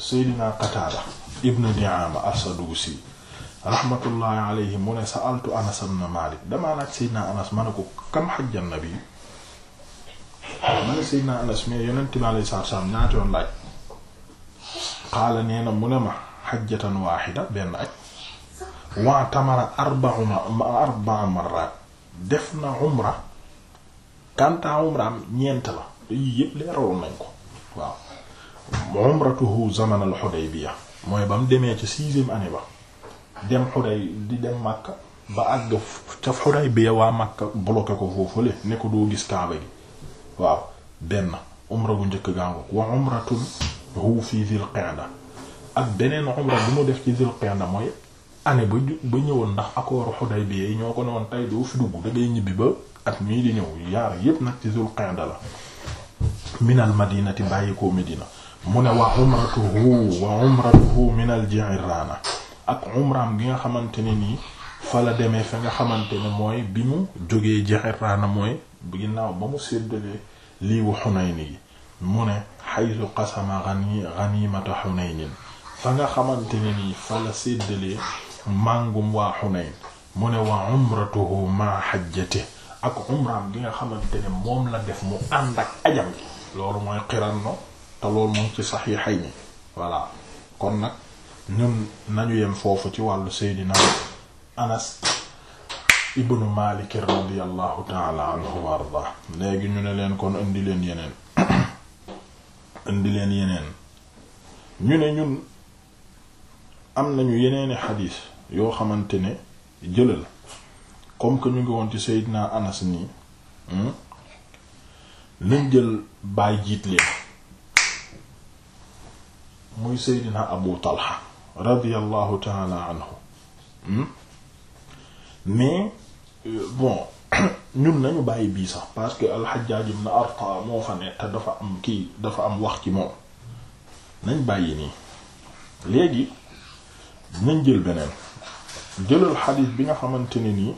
Seydina Qataada ibn Di'ama as-Sadusi rahmatullahi alayhi mu ne sa'altu Anas ibn Malik damaa laaj Seydina Anas ma ne ko kam hajja an-nabi man Seydina Anas mais yonent bi alayhi salaatu salaam ñaata yoon laaj xaala nee na mu ne ma xajjatan waaxida benn aj waa tamara arba'a marrat def na umra kanta umraam ñeent la yii yëpp leeraloon nañ ko waaw umratuhu zaman al Hudaybiya mooy ba demee ci sixième année ba dem Huday di dem Makka ba àgg ca Hudaybiya waa Makka bloqué ko foofule ne ko doo gis Kaaba gi waaw benn umra bu njëkk gaangoog wa umratun hu fi Dhil ak beneen umra bu mu def ci Dhil mooy année ba ba ñëwoon ndax accord Hudaybiya yi ñoo ko ne woon tay doo fi dugg da ñibbi ba ak mii di ñëw yaar yépp nag ci Dhil la minal madinati bàyyi ko Medina mu ne wa umratuhu wa umratuhu minal Ji'irrana ak umraam gi nga xamante ne nii fa la demee fi nga xamante ne mooy bi mu jógee Ji'irrana mooy ginnaaw ba mu séddalee lii wu Xunayn yi mu ne xaytu qasama gani ganimata fa nga xamante ne nii fa la séddalee màngum waa Xunayn mu ne wa umratuhu ma xajjati ak umraam gi nga xamante ne moom la def mu ànd ak ajam loolu mooy qiranno te loolu moom ci saxiixay ni voilà kon nag ñun nañu yem foofu ci wàllu Seydina Anas ibnu Maalik radiyallahu taala anhu wa ardaa léegi ñu ne leen kon indi leen yeneen (coughs) indi leen yeneen ñu ne ñun am nañu yeneeni xadiis yoo xamante ne jëlal comme que ñu ngi woon ci Seydina Anas nii hmm? nañ jël baay jiit leen muy Seydina Abu Talha radiyallahu taala anhu mais hmm? Euh, bon (clears throat) ñun nañu bàyyi bii sax parce que al-Hajjaj ibn Arta moo fa ne te dafa am kii dafa am wax ci moom nañ bàyyi nii léegi nañ jël beneen jëlal xadiis bi nga xamante ne nii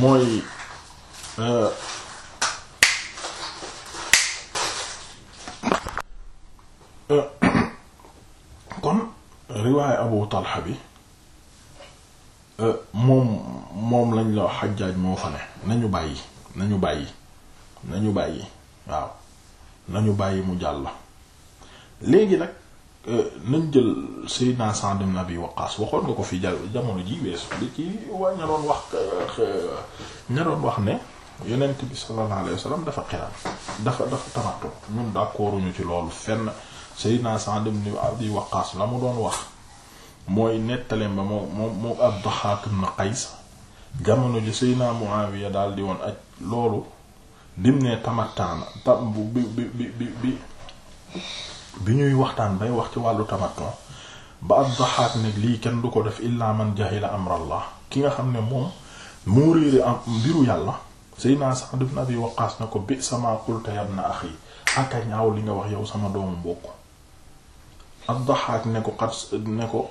mooy euh, euh, (coughs) kon riwaaye Abu Talha bi Euh, moom moom lañ la xajjaaj moo fa ne nañu bàyyi nañu bàyyi nañu bàyyi waaw nañu bàyyi mu jàll la léegi nag euh, nañ jël Seydina Sa'd ibn Abi Waqqas waxoon nga ko fi jal jamono ji weesu li ci waa ña doon wax euh, ña doon wax ne yonent bi sallallahu alayhi dafa xiraan dafa dafa tamattu ñun d'accorduñu ci loolu fenn Seydina Sa'd ibn Abi Waqqas la mu doon wax mooy nettaleem ba moo moo moo ad-Dahhak ibn Qays jamono ji Seydina Muawiya daal di woon ak loolu dim ne tamattaana tam bi bi bi bi bi ñuy waxtaan bay wax ci wàllu tamattu ba ad-Dahhak ne lii kenn du ko def illaa man jahila amrallah ki nga xam ne moom moo am mbiru yàlla Seydina Sa'd ibn Abi Waqqas na ko bi sama qulta ya ibna akhi li nga wax yow sama doomu mbokk ad-Dahhak ne ko xat ne ko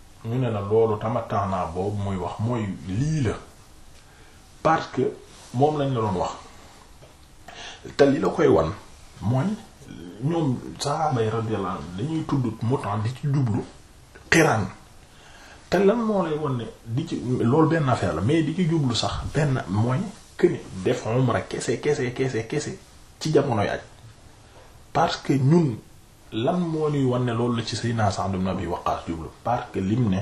ñu ne la loolu tamataanaa boobu muy wax mooy lii la parce que moom lañ la doon wax te li la koy wan mooy ñoom saxaaba yi radiyallahu dañuy tudd motan di ci jublu xiraan te lan moo lay wan ne di ci loolu benn affaire la mais di ci jublu sax benn mooy que def umra kese kese kese kese ci jamonoy aj parce que ñun lan moo ñuy wan ne loolu la ci Seydina Sa'd ibn Abi Waqqas jublu parce que lim ne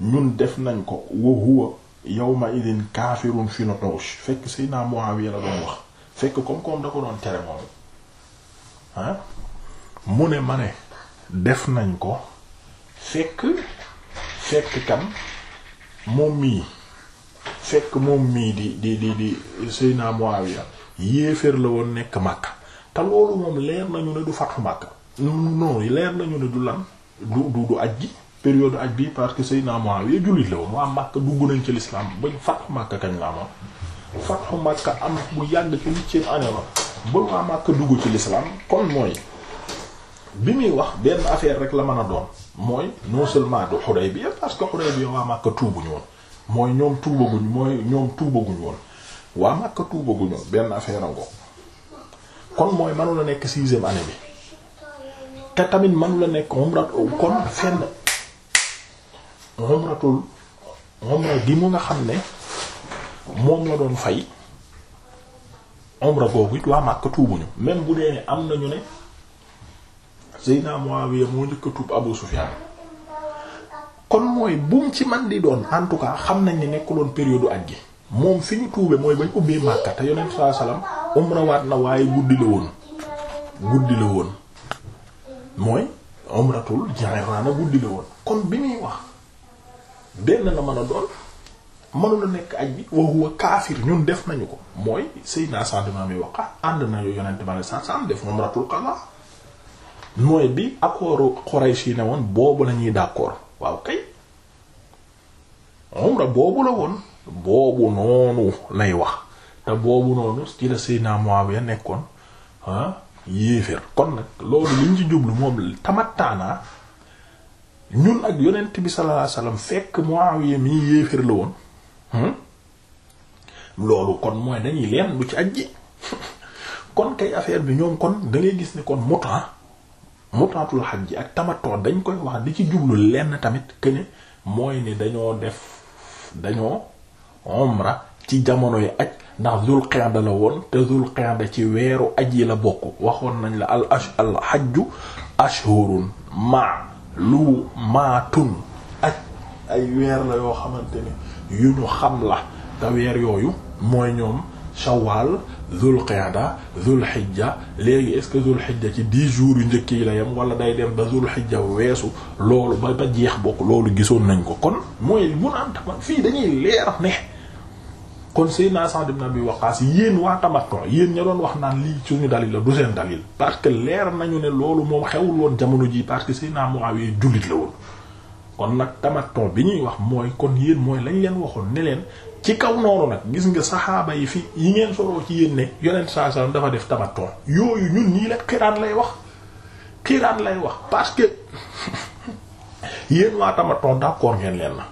ñun def nañ ko wa huwa yawma idin kaafirun fi nuhuush fekk Seydina Muawiya la doon wax fekk comme comme da doon tere moom mu ne ma ne def nañ ko fekk fekk kan moom mii fekk moom mii di di di di Seydina Muawiya yéeféer la woon nekk Makka te loolu moom leer nañu ne du fatxu Makka non leer nañu ne du lan du du du aj gi période aj bi parce que Seydina Muawiya jullit la woon waa Makka dugg nañ ci l'islam bañ fatxu Makka kañ la amoon fatxu Makka am bu yàgg ci huitième année la ba waa Makka dugg ci lislaam kon mooy bi muy wax benn affaire rek la mën a doon mooy non seulement du Hudaybiya parce que Hudaybiya waa Makka tuubuñu woon mooy ñoom tuubaguñu mooy ñoom waa Makka tuubaguñu woon benn affaire a kon mooy mënu nekk sixième année bi te tamit mënu la nekk umratu kon fenn umratul umra gi mu nga xam ne moom la doon fay umra googu it waa Makka tuubuñu même bu dee ne am nañu ne Seydina Muawiya moo njëkk a tuub Abu Sufyan kon mooy buum ci man di doon en tout cas xam nañ ne nekkuloon période aj gi moom fi ñu tuube mooy bañ ubbi Makka te yonent saa salaam umrawaat na waaye guddi la woon guddi la woon mooy umratul Ji'rana guddi la woon kon bi muy wax benn na mën a doon mënula nekk aj bi wa huwa ñun def nañu ko mooy Seydina Sadima mi wax ànd nañu yonent ba saa saa def umratul qada mooy bi accordu Quraysh yi ne woon boobu lañuy d'accord waaw kay umra boobu la woon boobu noonu lay wax te boobu noonu ci la Seydina Muawiya nekkoon ah yéeféer kon nag loolu liñ ci jublu moom tamattaanaa ñun ak yonent bi sallallahu alayhi wasallam fekk Muawiya mii yéeféer la woon loolu kon mooy dañuy leen lu ci ajji (laughs) kon kay affaire bi ñoom kon da gis ne kon mutan mutaatul hajj ak tamattu dañ koy wax di ci jublu lenn tamit que ne mooy ne dañoo def dañoo umra ci jamono yi aj ndax zul qa'da la woon te zul qa'da ci weeru aj yi la bokk waxoon nañ la al ash al hajju ashhurun ma'lumatun aj ay weer la yoo xamante ne yu ñu xam la te weer yooyu mooy ñoom shawal zul qa'da zul hijja léegi est-ce que zul hijja ci dix jours yu njëkk yi la yem wala day dem ba zul hijja weesu loolu ba ba jeex bokk loolu gisoon nañ ko kon mooy mun am taman fii dañuy leer ne kon Seydina Sa'd ibn Abi Waqqas yéen waa tamattu yéen ña doon wax naan lii suñu dalil la du seen dalil parce que leer nañu ne loolu moom xewul woon jamono ji parce que Seydina Muawiya jullit la woon kon nag tamattu bi ñuy wax mooy kon yéen mooy lañ leen waxoon ne leen ci kaw noonu nag gis nga saxaaba yi fi yi ngeen soroo ci yéen ne yonent saa sallam dafa def tamaton yooyu ñun ñii la xiraan lay wax xiraan lay wax parce que (laughs) yéen waa tamattu d'accord ngeen leen na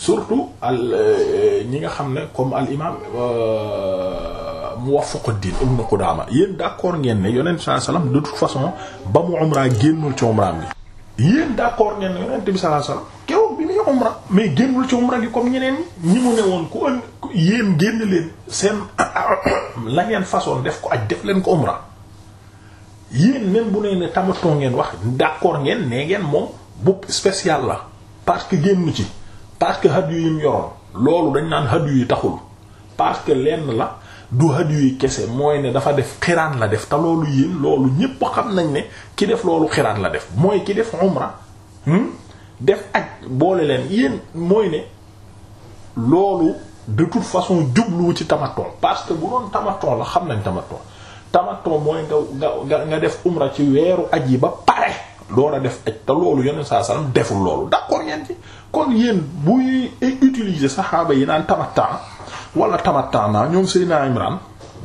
surtout al euh, ñi nga xam ne comme wax al imam euh, Muwafaquddin Ibn Qudama yéen d'accord ngeen ne yonent sallallahu alayhi wasallam de toute façon ba mu umra génnul ci umraam gi yéen d'accord ngeen ne yonent bi sallallahu alayhi wasallam keroog umra mais génnul ci umra gi comme ñeneen ñi mu ne woon ku ën yéen génn leen seen (coughs) la ngeen façon def ko aj def leen ko umra yéen même bu nee ne tamatoo ngeen wax d'accord ngeen nee ngeen moom bu spécial la parce que génn ci parce que had yu yim yoroon loolu dañ naan had yu yi taxul parce que lenn la du had yu kese mooy ne dafa def xiraan la def te loolu yéen loolu ñépp xam nañ ne ki def loolu xiraan la def mooy ki def umra hmm, def ak boole leen yéen mooy ne loolu de toute façon jubluwu ci tamaton parce que bu doon tamaton la xam nañ tamaton tamaton mooy nga nga nga def umra ci weeru aj yi ba pare door a def aj te loolu yeneen saa salaam deful loolu d'accord ngeen ci kon yéen buy utiliser saxaaba yi naan tamat tamattaa wala tamattaa naa ñoom Seydina Imran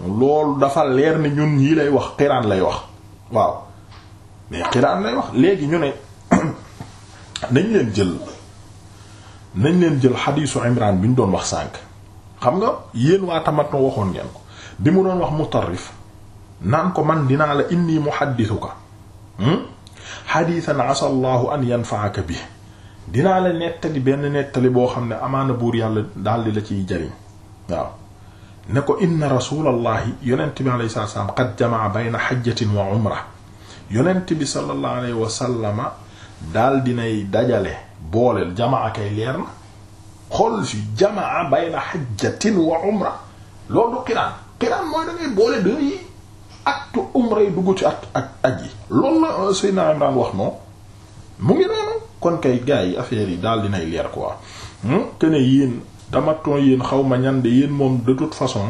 loolu dafa leer ne ñun ñii lay wax xiraan lay wax waaw mais xiraan lay wax léegi ñu ne (coughs) nañ leen jël nañ leen jël xadiisu Imran bi ñu doon wax sànq xam nga yéen waa tamattaa waxoon ngeen ko bi mu doon wax mutarrif naan ko man dinaa la indi mu muhaddisuka ko hmm? xadiisan asa allahu an yanfaaka bi dinaa la nettali benn nettali boo xam ne amaana buur yàlla di la ciy jariñ waaw ne ko inna rasulallahi yonent bi alayhi salaatu salaam qad jamaa bayna xajjatin wa umra yonent bi sallallahu alayhi dinay dajale booleel jamaa kay leer na xool fi jamaa bayna xajjatin wa umra loolu du qiraan qiraan mooy da boole deux yi acte umra yi dugg ci at ak aj yi loolu la euh, Seydina Imran wax noonu mu ngi noonu kon kay gars yi affaire yi daal dinay leer quoi te hmm? ne yéen tamaton yéen xaw ma ñan de yéen moom de toute façon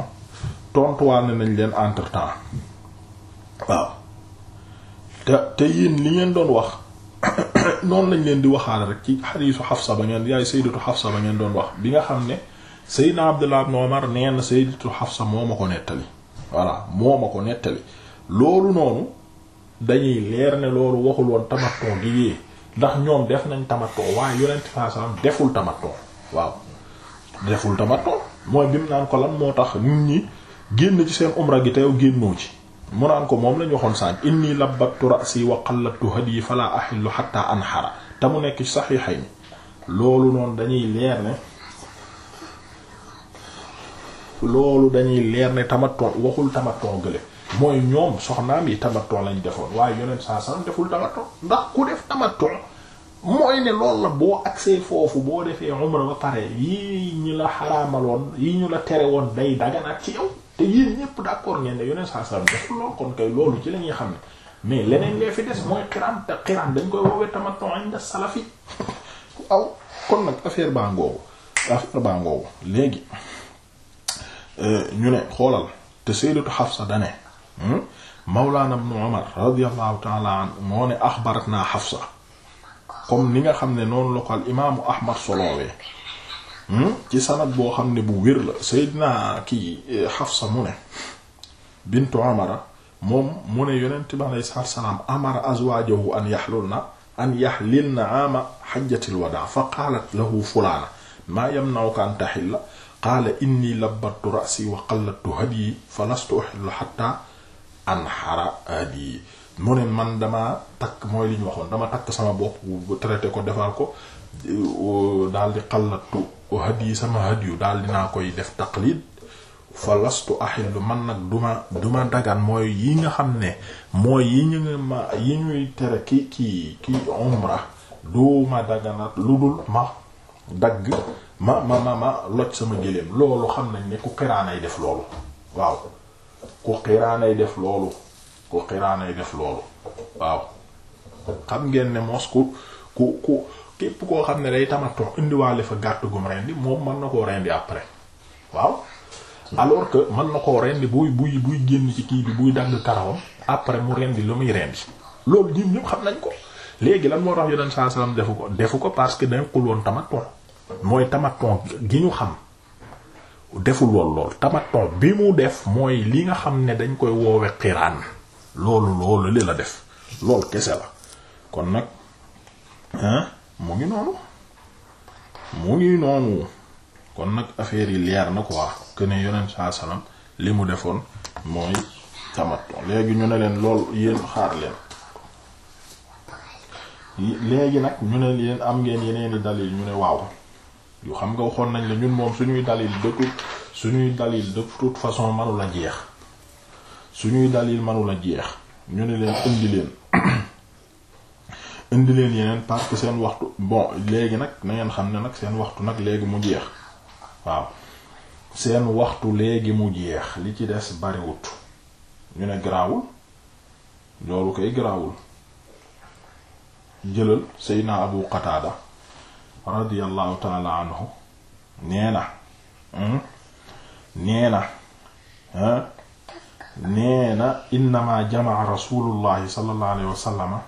tontuwaal nañ leen entre temps waaw te te yéen li ngeen doon wax (coughs) noonu lañ leen di waxaale rek ci xadiisu Xafsa ba ngeen yaay xaf sa ba ngeen doon wax bi nga xam ne Seydina Abdullah ibn Umar a na Sayyidatu Xafsa moo ma ko nettali. voilà moo ma ko nettali loolu noonu dañuy leer ne loolu waxul woon tamaton gi yee ndax ñoom def nañ tamaton waaye yonent saa deful tamaton waaw deful tamaton mooy bi mu naan ko lan moo tax nit ñi génn ci seen umra gi te yow génnoo ci mu naan ko moom lañu waxoon sànq inni labbattu ra'si wa qallattu hadyi fala ahillu hatta anhara te mu nekk ci saxiixayni loolu noonu dañuy leer ne loolu dañuy leer ne tamaton waxul tamaton gële mooy ñoom soxnaam yi tamatoo lañ defoon waaye yonent saa sallam deful tamaton ndax ku def tamaton mooy ne loolu la boo agsee foofu boo defee umra ba pare yii ñu la xaraamaloon yii ñu la tere woon day daganaat ci yow te yéen ñépp d'accord ngeen ne yonent saa sallam deful lool kon kay loolu ci la ñuy xam ne mais leneen lee fi des mooy xiraan te xiraan dañ koy woowee tamaton inda salafi (laughs) aw kon nag affaire baa ngoogu léegi Euh, ñu ne xoolal te sayyidatu Hafsa dane hmm, mawlaana ibn Umar radiyallahu ta'ala moo ne axbaratna Hafsa comme ni nga xam ne noonu la ko al imaamu Ahmad solowee hmm, ci sanad boo xam ne bu wér la sayyidina kii euh, Hafsa mu ne bintu Umar moom mu ne yonent bi salaam amara azwaajahu an yahlilna aama hajjatil wadaa fa qaalat lahu fulaana maa yamna'uka an tahilla qaala indi labbattu ra'si wa qallattu hadyi fa lastu uhillu hatta anhara hadyi mu ne man dama takk mooy li ñu waxoon dama takk sama bopp bu traité ko defar ko daal di qallattu hadyi sama hadyu daal dinaa koy def taqlid fa lastu ahillu man nag duma duma dagan mooy yi nga xam ne mooy yi ñu nga ma yi ñuy tere ki ki ki umra duma daganat lu dul ma dagg ma ma ma ma loj sama géléem loolu xam nañ ne ku xiraanay def loolu waaw ku xiraanay def loolu ku xiraanay def loolu waaw xam ngeen ne mos ku ku ku képp koo xam ne day tamaton indiwaale fa gàtt gum rendi moom mën na koo rendi après waaw alors que mën na koo rendi buy buy buy génn ci kii bi buy dagg karawam après mu rendi lu muy rendi loolu ñun ñëpp xam nañ ko léegi lan moo tax yoneen saa salaam defu ko defu ko parce que dañ xul woon tamaton mooy tamaton gi ñu xam deful lool lool tamaton bi mu def mooy li nga xam ne dañ koy woowe xiraan loolu loolu li la def lool kese la kon nag mu ngi noonu mu ngi noonu kon nag affaire yi leer na quoi que ne yonent saa li mu defoon mooy tamaton léegi ñu ne leen lool yéen xaar leen léegi nag ñu ne yéen am ngeen yeneeni yi ñu ne waaw yu xam nga waxoon nañ la ñun moom suñuy dalil de toute suñuy dalil de toute façon manu la jeex suñuy dalil manu la jeex ñu ne leen indi leen indi leen yeneen parce que seen waxtu bon léegi nag na ngeen xam ne nag seen waxtu nag léegi mu jeex waaw seen waxtu léegi mu jeex li ci des bariwut ñu ne garaawul loolu koy garaawul jëlal Seydina Abu Qatada radiyallahu taala anhu nee na hmm? nee na nee na innama jamaa rasulullahi sallallahu alayhi wa sallama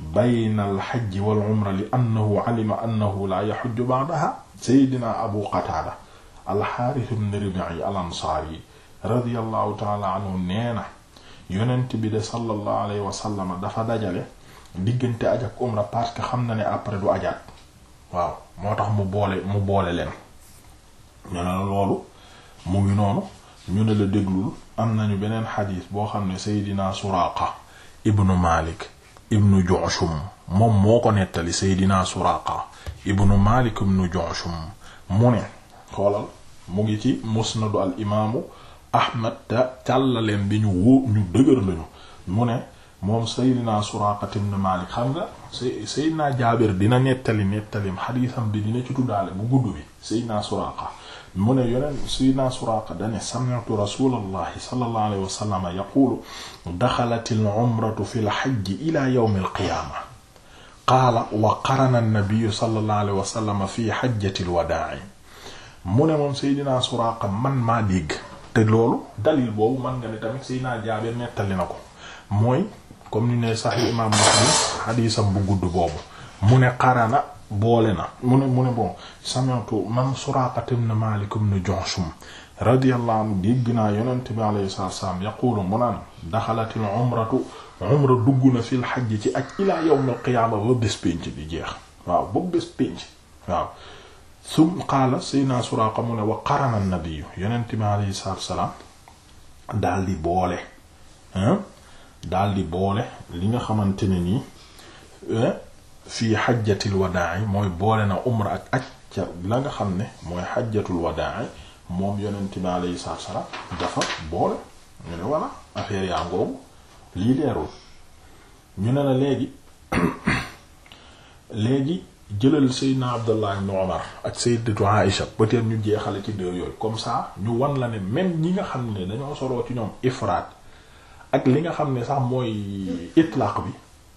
bayna alxajji wal umra li annahu alima annahu la yaxujju ba'daha saydina abu qataada alxaaris ibn rib'i al ansaari radiyallahu taala anhu nee na yonent bi de sallallahu alayhi wa sallama dafa dajale diggante aj ak umra parce que xam na ne après du ajaat waaw moo tax mu boole mu boole leen ñu la loolu mu ngi noonu ñu ne la déglul am nañu beneen xadiis boo xam ne Seydina Suraaqa ibnu Malik ibnu Ju'shum moom moo ko nettali Seydina Suraaqa ibnu Malik ibnu Ju'shum mu ne xoolal mu ngi ci musnadu al imaamu Ahmad te leen bi ñu wu ñu dëgër lañu mu ne moom Seydina Suraaqa ibn Maalik xam nga Seydina Jaabir dina nettali nettalim xadiisam bi dina ci tuddaale mu ne yoneen Seydina Suraaqa dane sami'tu rasuulallahi sallallahu alayhi wa sallam yaquulu daxalatil umratu fil hajji fi hajjatil wadaa'i mu ne moom Seydina Suraaqa man maa dégg dalil boobu man nga ne tamit Jaabir nettali na ko comme ni ne saxi imam Muslim xadiisam bu gudd boobu mu ne qarana boole na mu ne mu ne bon sami'tu man Suraaqa ibn Maalik ibn Ju'shum radiyallahu anhu dégg naa yonent bi alayhi salaatu wassalaam mu naan daxalatil umratu dugg na fil xajj ci ak ilaa yawmil qiyaama ba bés pénc di jeex waaw ba bés pénc waaw sum qaala sayna Suraaqa mu ne wa qarana an yonent bi alayhi salaatu wassalaam daal di boole di boole li nga xamante ne nii eh, fii xajjatil wadaa mooy boole na umra ak aj ca la nga xam ne mooy xajjatul wadaa moom yonent bi alayhi salaatu dafa boole ñu ne voilà affaire yaa ngoogu lii leerul ñu ne la léegi (coughs) léegi jëlal Seydina Abdallah ibn Umar ak Sayyidatu Aïsha peut-être ñu jeexale ci deux yooyu comme ça ñu wan la ne même ñi nga xam ne dañoo soloo ci ñoom ifraat ak li nga xam ne sax mooy itlaq bi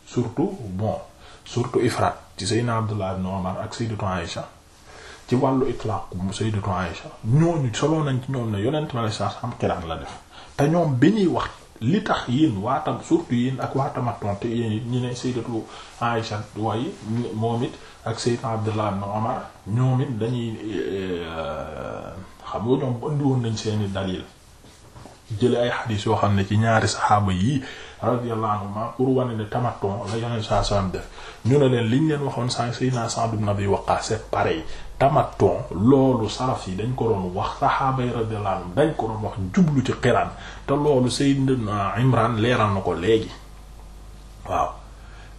surtout bon surtout ifrat ci Seydina Abdullah ibn Umar ak Sayyidatu Aïsha ci wàllu itlaq mu Sayyidatu Aïsha ñooñu soloo nañ ci ñoom ne yonent ma la am xiraan la def te bi ñuy wax li tax yéen ak waatamaton te yéen it ñi ne Sayyidatu Aïsha waaye moom Abdullah ibn Umar ñoom it dañuy euh, xam nga ñoom indiwoon nañ seeni dalil jële ay xadiis yoo xam ne ci ñaari saxaaba yii radiyallahu anhuma pour wane ne tamaton la yoneen saa saam def ñu ne leen liñ leen waxoon sa sayna Sa'd na bi wax c'est pareil tamaton loolu saraf yi dañ ko doon wax saxaaba yi radiyallahu dañ ko doon wax jublu ci xiraan te loolu Seydina Imran leeral na ko léegi waaw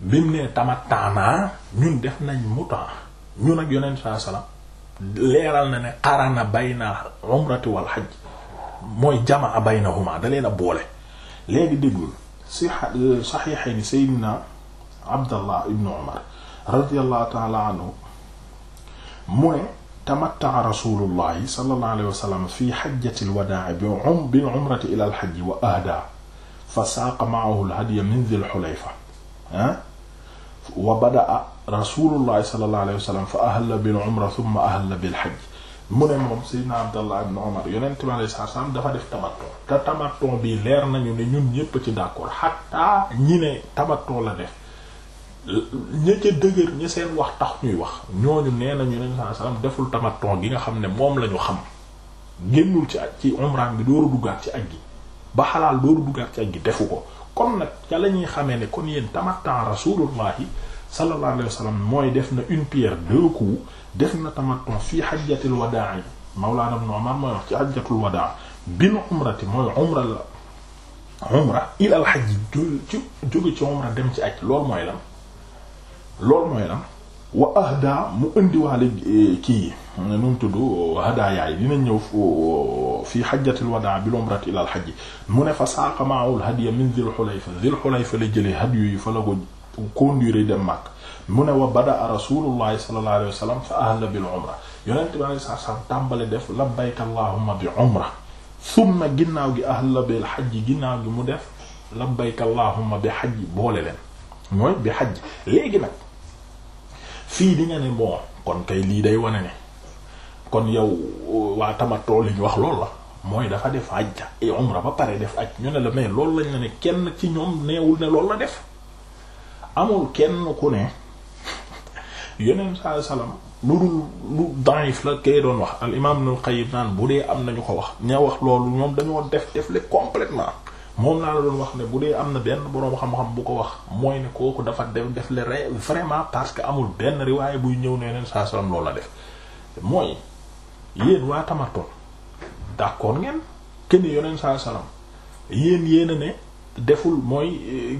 bi ne tamataanaa ñun def nañ mutaa ñun ak yoneen saa salaam leeral na ne qarana bayna umrati wal hajj mooy jamaa baynahuma da leen a boole léegi déggul si euh, saxiixayni sayyidina abdallah ibnu umar radiyallahu taala anhu mu ne tamatta'a rasulullahi sallallahu alayhi wa sallam fi hajjatil wadaa' bi um bil umrati ila al hajj wa ahda fa saaqa ma'ahu al hadya min dhil hulayfa ah wa bada'a rasulullahi sallallahu alayhi wa sallam fa ahalla bil umra thumma ahalla bil hajj mu ne moom Seydina Abdallah ibn Umar yonent bi alei satu salaam dafa def tamattu te tamattu bi leer nañu ne ñun ñépp ci d'accord xataa ñi ne tamattu la def ña ca dëgër ña seen wax tax ñuy wax ñooñu nee nañu yonent bi salaam deful tamattu gi nga xam ne moom la ñu xam génnul ci ak ci umraan bi dooru duggaat ci ak gi ba xalaal dooru duggaat ci ak gi defu ko comme nag ca la ñuy xamee ne kon yéen tamattu rasulullahi sallallahu alayhi wa sallam mooy def na une pierre def na tamattu fii xajjatil wadaa mawlaana ibn Umar mooy wax ci xajjatul wadaa bil umrati mooy umra la umra ilal xaj ci jóge ci umra dem ci ak loolu mooy lan loolu mooy lan wa ahda mu indiwaale e, kii nu mu tudd hadaayaay dina fii xajjatil wadaa bil umrati ilal xaj mu ne fa saaqa ma'ul hadiya min Zil Xulayfa Zil Xulayfa la jëlee hadiyu yi fa la ko conduire dem Makka mu ne wa badaa rasulullahi sallallahu alayhi wa sallam fa ahla bil umra yonent bi alayhi salaam tàmbale def labbayka allahumma bi umra summa ginnaaw gi ahla bil xajji ginnaaw gi mu def labbayka allahumma bi xajji boole leen mooy bi xajj léegi nag fii di nga ne bon kon kay lii day wane ne kon yow waa tamatoo li ñu wax loolu la mooy dafa def ajja ay umra ba pare def aj ñu ne la mais loolu lañ la ne kenn ci ñoom neewul ne loolu la def amul kenn ku ne yeneen saa salaam lu dul lu daif la kay doon wax al imaam Ibnul Qayyim naan bu dee am na ñu ko wax ña wax loolu ñoom dañoo def def le complètement moom naa la doon wax ne bu dee am na benn boroom xam-xam bu ko wax mooy ne kooku dafa def def le vraiment parce que amul benn riwaay buy ñëw ne yeneen saa salaam loolu la def mooy yéen waa tamatoon d'accord ngeen kenn yeneen saa salaam yéen yéen a ne deful mooy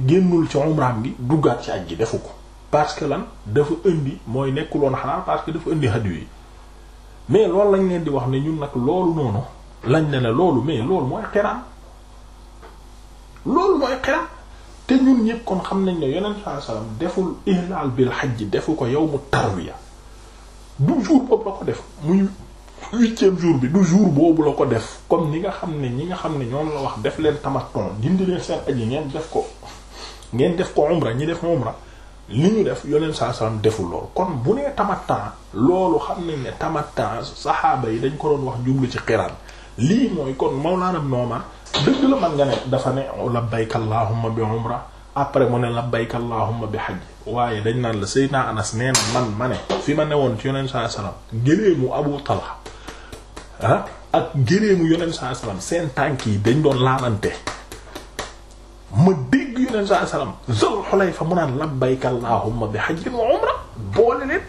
génnul ci umraam gi duggaat ci aj gi defu ko. parce que lan dafa indi mooy nekkuloon xalaal parce que dafa indi hadiyu yi mais loolu lañ leen di wax ne ñun nag loolu noonu lañ ne ne loolu mais loolu mooy xiraan loolu mooy xiraan te ñun ñëpp kon xam nañ ne yonent saa sallam deful ihlaal bil hajj defu ko yow mu tarwiya du jour boobu la ko def muy huitième jour bi du jour boobu la ko def comme ni nga xam ne ñi nga xam ne ñoom la wax def leen tamaton dindi leen seen aji ngeen def ko ngeen def ko umra ñi def umra li ñu def yoneen saa salaam deful lool kon bu ne tamattan loolu xam nañ ne tamattan saxaaba yi dañ ko doon wax jublu ci xiraan lii mooy kon Mawlana Noomar dëgg la man nga ne dafa ne labbayka allahumma bi umra après mu ne labbayka allahumma bi hajj waaye dañ naan la Seydina Anas nee na man ma ne fi ma newoon ci yoneen saa salaam gëleemu Abu Talha ah ak gëleemu yoneen saa salaam seen tànk yi dañ doon laalante leen saa salaam Zul Xulayfa mu naan labbayka allahumma bi hajjin wa umra boole leen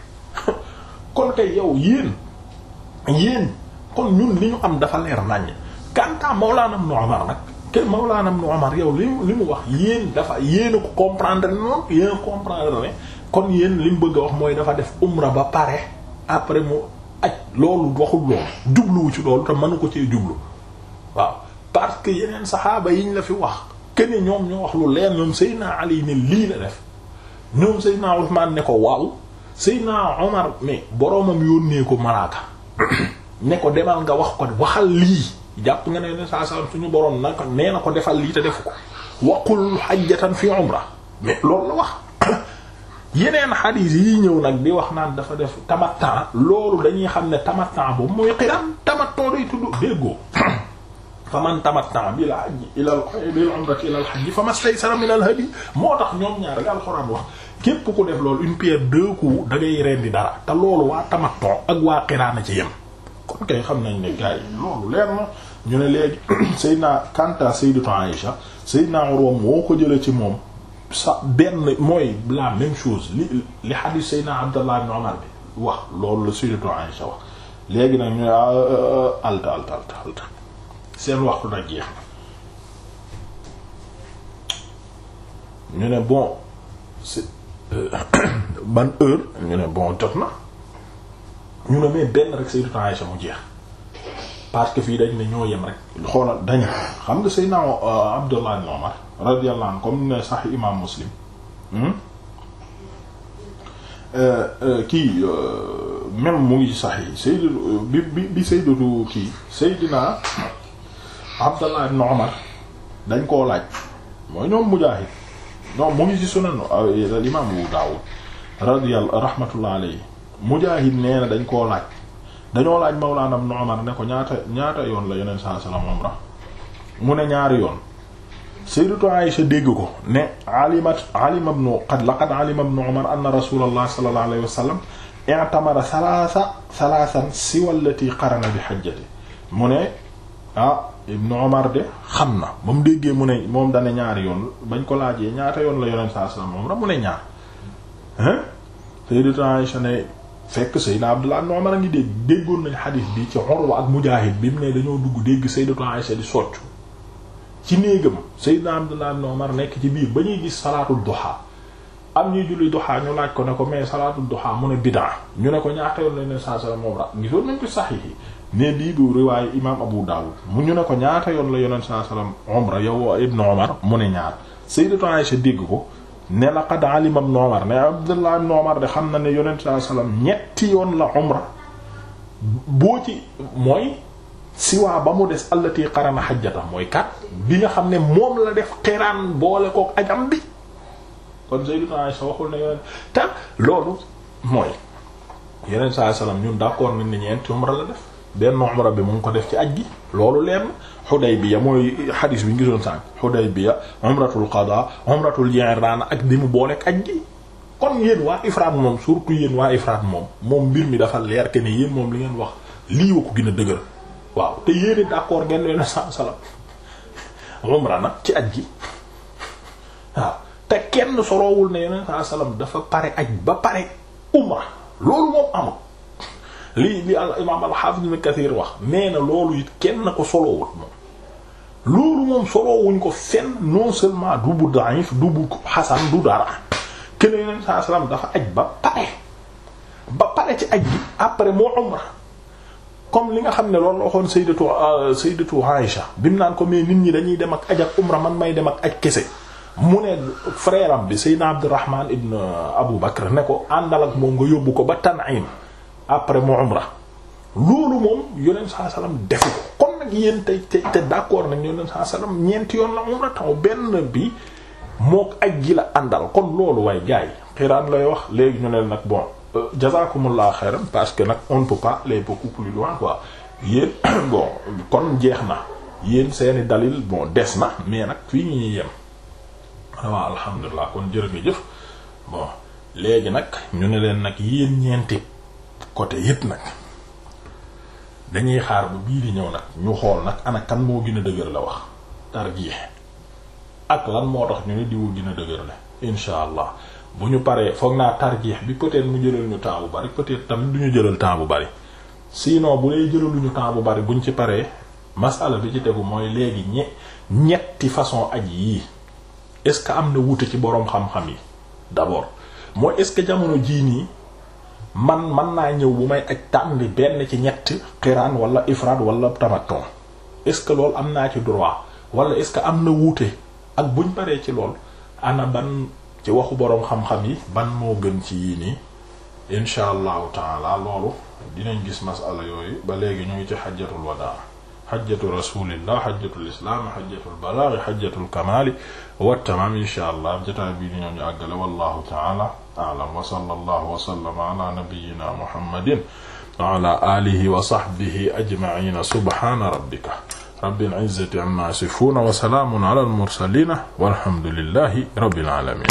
kon kay yow yéen yéen kon ñun li ñu am dafa leer naññ kantaa Mawlaana Ibnu Umar nag ke Mawlaana Ibnu Umar yow li li mu wax yéen dafa yéen a ko yéen a kon yéen li bëgg a wax mooy dafa def umra ba pare après mu aj loolu waxul loolu jubluwu ci loolu te mënu ko ci jublu waaw parce que yeneen saxaaba yiñ la fi wax kene ñoom ñoo wax lu leer ñoom Seydina Ali ne lii la def ñoom Seydina Usmaan ne ko waaw Seydina Omar mais boromam yónnee ko malaaka (coughs) ne ko demal nga wax ko waxal lii jàpp nga ne ne saa suñu borom nag nee na ko defal lii te def ko waqul hajjatan fi umra mais loolu la wax (coughs) yeneen xadiis yi ñëw nag bi wax naan dafa def tamattan loolu dañuy xam ne tamattan boobu mooy xiraan tamattan day tudd déggoo (coughs) faman tamatta bil hajji ilal bil umrati ilal hajji famastaysara minal hadi moo tax ñoom ñaar li alxuraan wax képp ku def loolu une pierre deux coups da ngay rendi dara te loolu waa tamattu ak waa xiraana ci yem kon kay xam nañ ne gars yi loolu leer na ñu ne léegi (clears throat) Seydina Kanta Sayyidatu Aïcha Seydina Urwa moo ko jëlee ci moom sa benn mooy la même chose li li hadith Seydina Abdallah ibn Umar bi wax loolu la Sayyidatu Aïcha wax léegi nag ah, ah, ah, alta alta alta seen waxtu nag jeex na ñu ne bon c'est euh, (coughs) ban heure ñu ne bon jot na ñu ne mais benn rek Sayyidatu Aïcha mu jeex parce fii dañ ne ñoo yem rek xoolal dañu xam nga Sayyidna euh, Abdullah ibn Umar radiyallahu anhu comme ne sax imam Muslim hmm? euh, kii même mu ngi sax yi Sayyidatu bi bi Sayyidatu kii Sayyidina Abdallah ibn Umar dañ koo laaj mooy ñoom Mujaahid ñoom mu ngi ci sunan euh, al imaam Mujaahid nee dañ koo laaj dañoo laaj Mawlaana ibn Umar ne ko ñaata ñaata yoon la yeneen saa salaam umra mu ne ñaari yoon Sayyidatu Aïsha dégg ko ne alimat alima ibn qad laqad alima ibn Umar anna siwa allati qarana bi hajjati mu ne ah ibnu omar de xam na ba mu déggee mu ne moom dane ñaari yoon bañ ko laajee ñaata yoon la yonent saa sallam moom ra mu ne ñaar hein sayyidatu Aisha ne fekk sayyidna Abdullah ibn Umar a ngi dégg déggoon ci Urwa ak Mujaahid bi mu dañoo dugg dégg sayyidatu Aisha di soccu ci néegam sayyidna Abdullah ibn Umar nekk ci biir ba ñuy gis salaatul duha am ñuy julli laaj ko ne ko mais salaatul duha mu ne ñu ne ko ñaata yoon la moom ra nañ ko saxiix yi ne bii bu riwaaye imaam Abu Dawud mu ñu ne ko ñaata yoon la yonent saa salaam umra yow ibn Umar mu ne ñaar Sayyidatu Aisha dégg ko ne laqad alima ibn Umar ne Abdullah ibn Umar de xam na ne yonent saa salaam ñetti yoon la umra boo ci mooy siwaa ba mu des allati qarana hajjata mooy kat bi nga xam ne moom la def xiraan boole ko ajam bi kon Sayyidatu Aisha waxul ne yonent ta loolu mooy yonent saa salaam ñun d'accord nañ ne ñeenti umra la def. benn umra bi mu ngi ko def ci aj gi loolu lenn Hudaybiya mooy xadiis bi ñu gisoon sànq Hudaybiya umratul qada umratul ji'rana ak di mu booleeg aj gi kon yéen waa ifraat moom surtout yéen waa ifraat moom moom mbir mi dafa leer que yéen moom li ngeen wax lii wa ko gën a dëgër waaw te yéen d'accord ngeen leen sa salam umra nag ci aj gi waaw te kenn soroowul ne yeneen sa salam dafa pare aj ba pare umra loolu moom amul li li al imaam al-Hafiz Kathir wax nee na loolu it kenn ko solowut moom loolu moom solowuñ ko fenn non seulement du bu da'if du bu xasan du dara kenn yeneen saa salaam dafa aj ba pare ba pare ci aj bi après moo umra comme li nga xam ne loolu la waxoon sayyidatu euh, sayyidatu Aïcha bi ko mais nit ñi dañuy dem ak aj ak umra man may dem ak aj kese mu ne frère am bi sayyidna Abdurrahman ibn Abu Bakr ne ko àndal ak moom nga yóbbu ko ba Tan'im après mu umra loolu moom yonent saa salaam defu ko kon nag yéen tey tey te d'accord nag yonent saa salaam ñeenti yoon la umra taw benn bi mook aj gi la àndal kon loolu waaye gars yi lay wax léegi ñu ne nag bon euh, jazakumullah parce que nag on (coughs) bon jeex na yéen seeni dalil bon des na mais nag fii ñu ñuy yem waaw alhamdulilah kon jërë nga jëf bon léegi nag ñu ne leen nag yéen ñeenti côté yépp nag dañuy xaar bu bii di ñëw nag ñu xool nag ana kan moo gën a dëgër la wax tarjiix ak lan moo tax ñu ne diwu gën a dëgër la insha allah bu ñu paree foog naa tarjiix bi peut mu jëlal ñu temps bu bari peut-être tamit du ñu jëlal temps bu bari sinon bu lay jëlaluñu temps bu bari buñ ci paree masala bi ci tegu mooy léegi ñe ñetti façon aj yii est-ce que am na wuute ci boroom xam-xam yi d'abord mooy est-ce que jamono jii nii man man naa ñëw bu may aj tàmbi benn ci ñett xiraan wala ifrad wala tamattu est-ce que loolu am naa ci droit wala est-ce que am na wuute ak buñ baree ci lool ana ban ci waxu boroom xam-xam yi ban moo gën ci yii nii insha allahu taala loolu dinañ gis masala yooyu ba léegi ñu ngi ci xajjatul wadaa xajjatu rasulillah xajjatul islaam xajjatul balaag xajjatul kamaali wa tamaam insha allah jotaay bii di ñoo ñu àggale wallahu taala a'lam wa sallallahu wa sallama ala nabiyyina muhammadin wa ala alihi wa sahbihi ajma'ina subhana rabbika rabbil izzati amma yasifuna wa salamun ala al mursalina walhamdulillahi rabbil alamin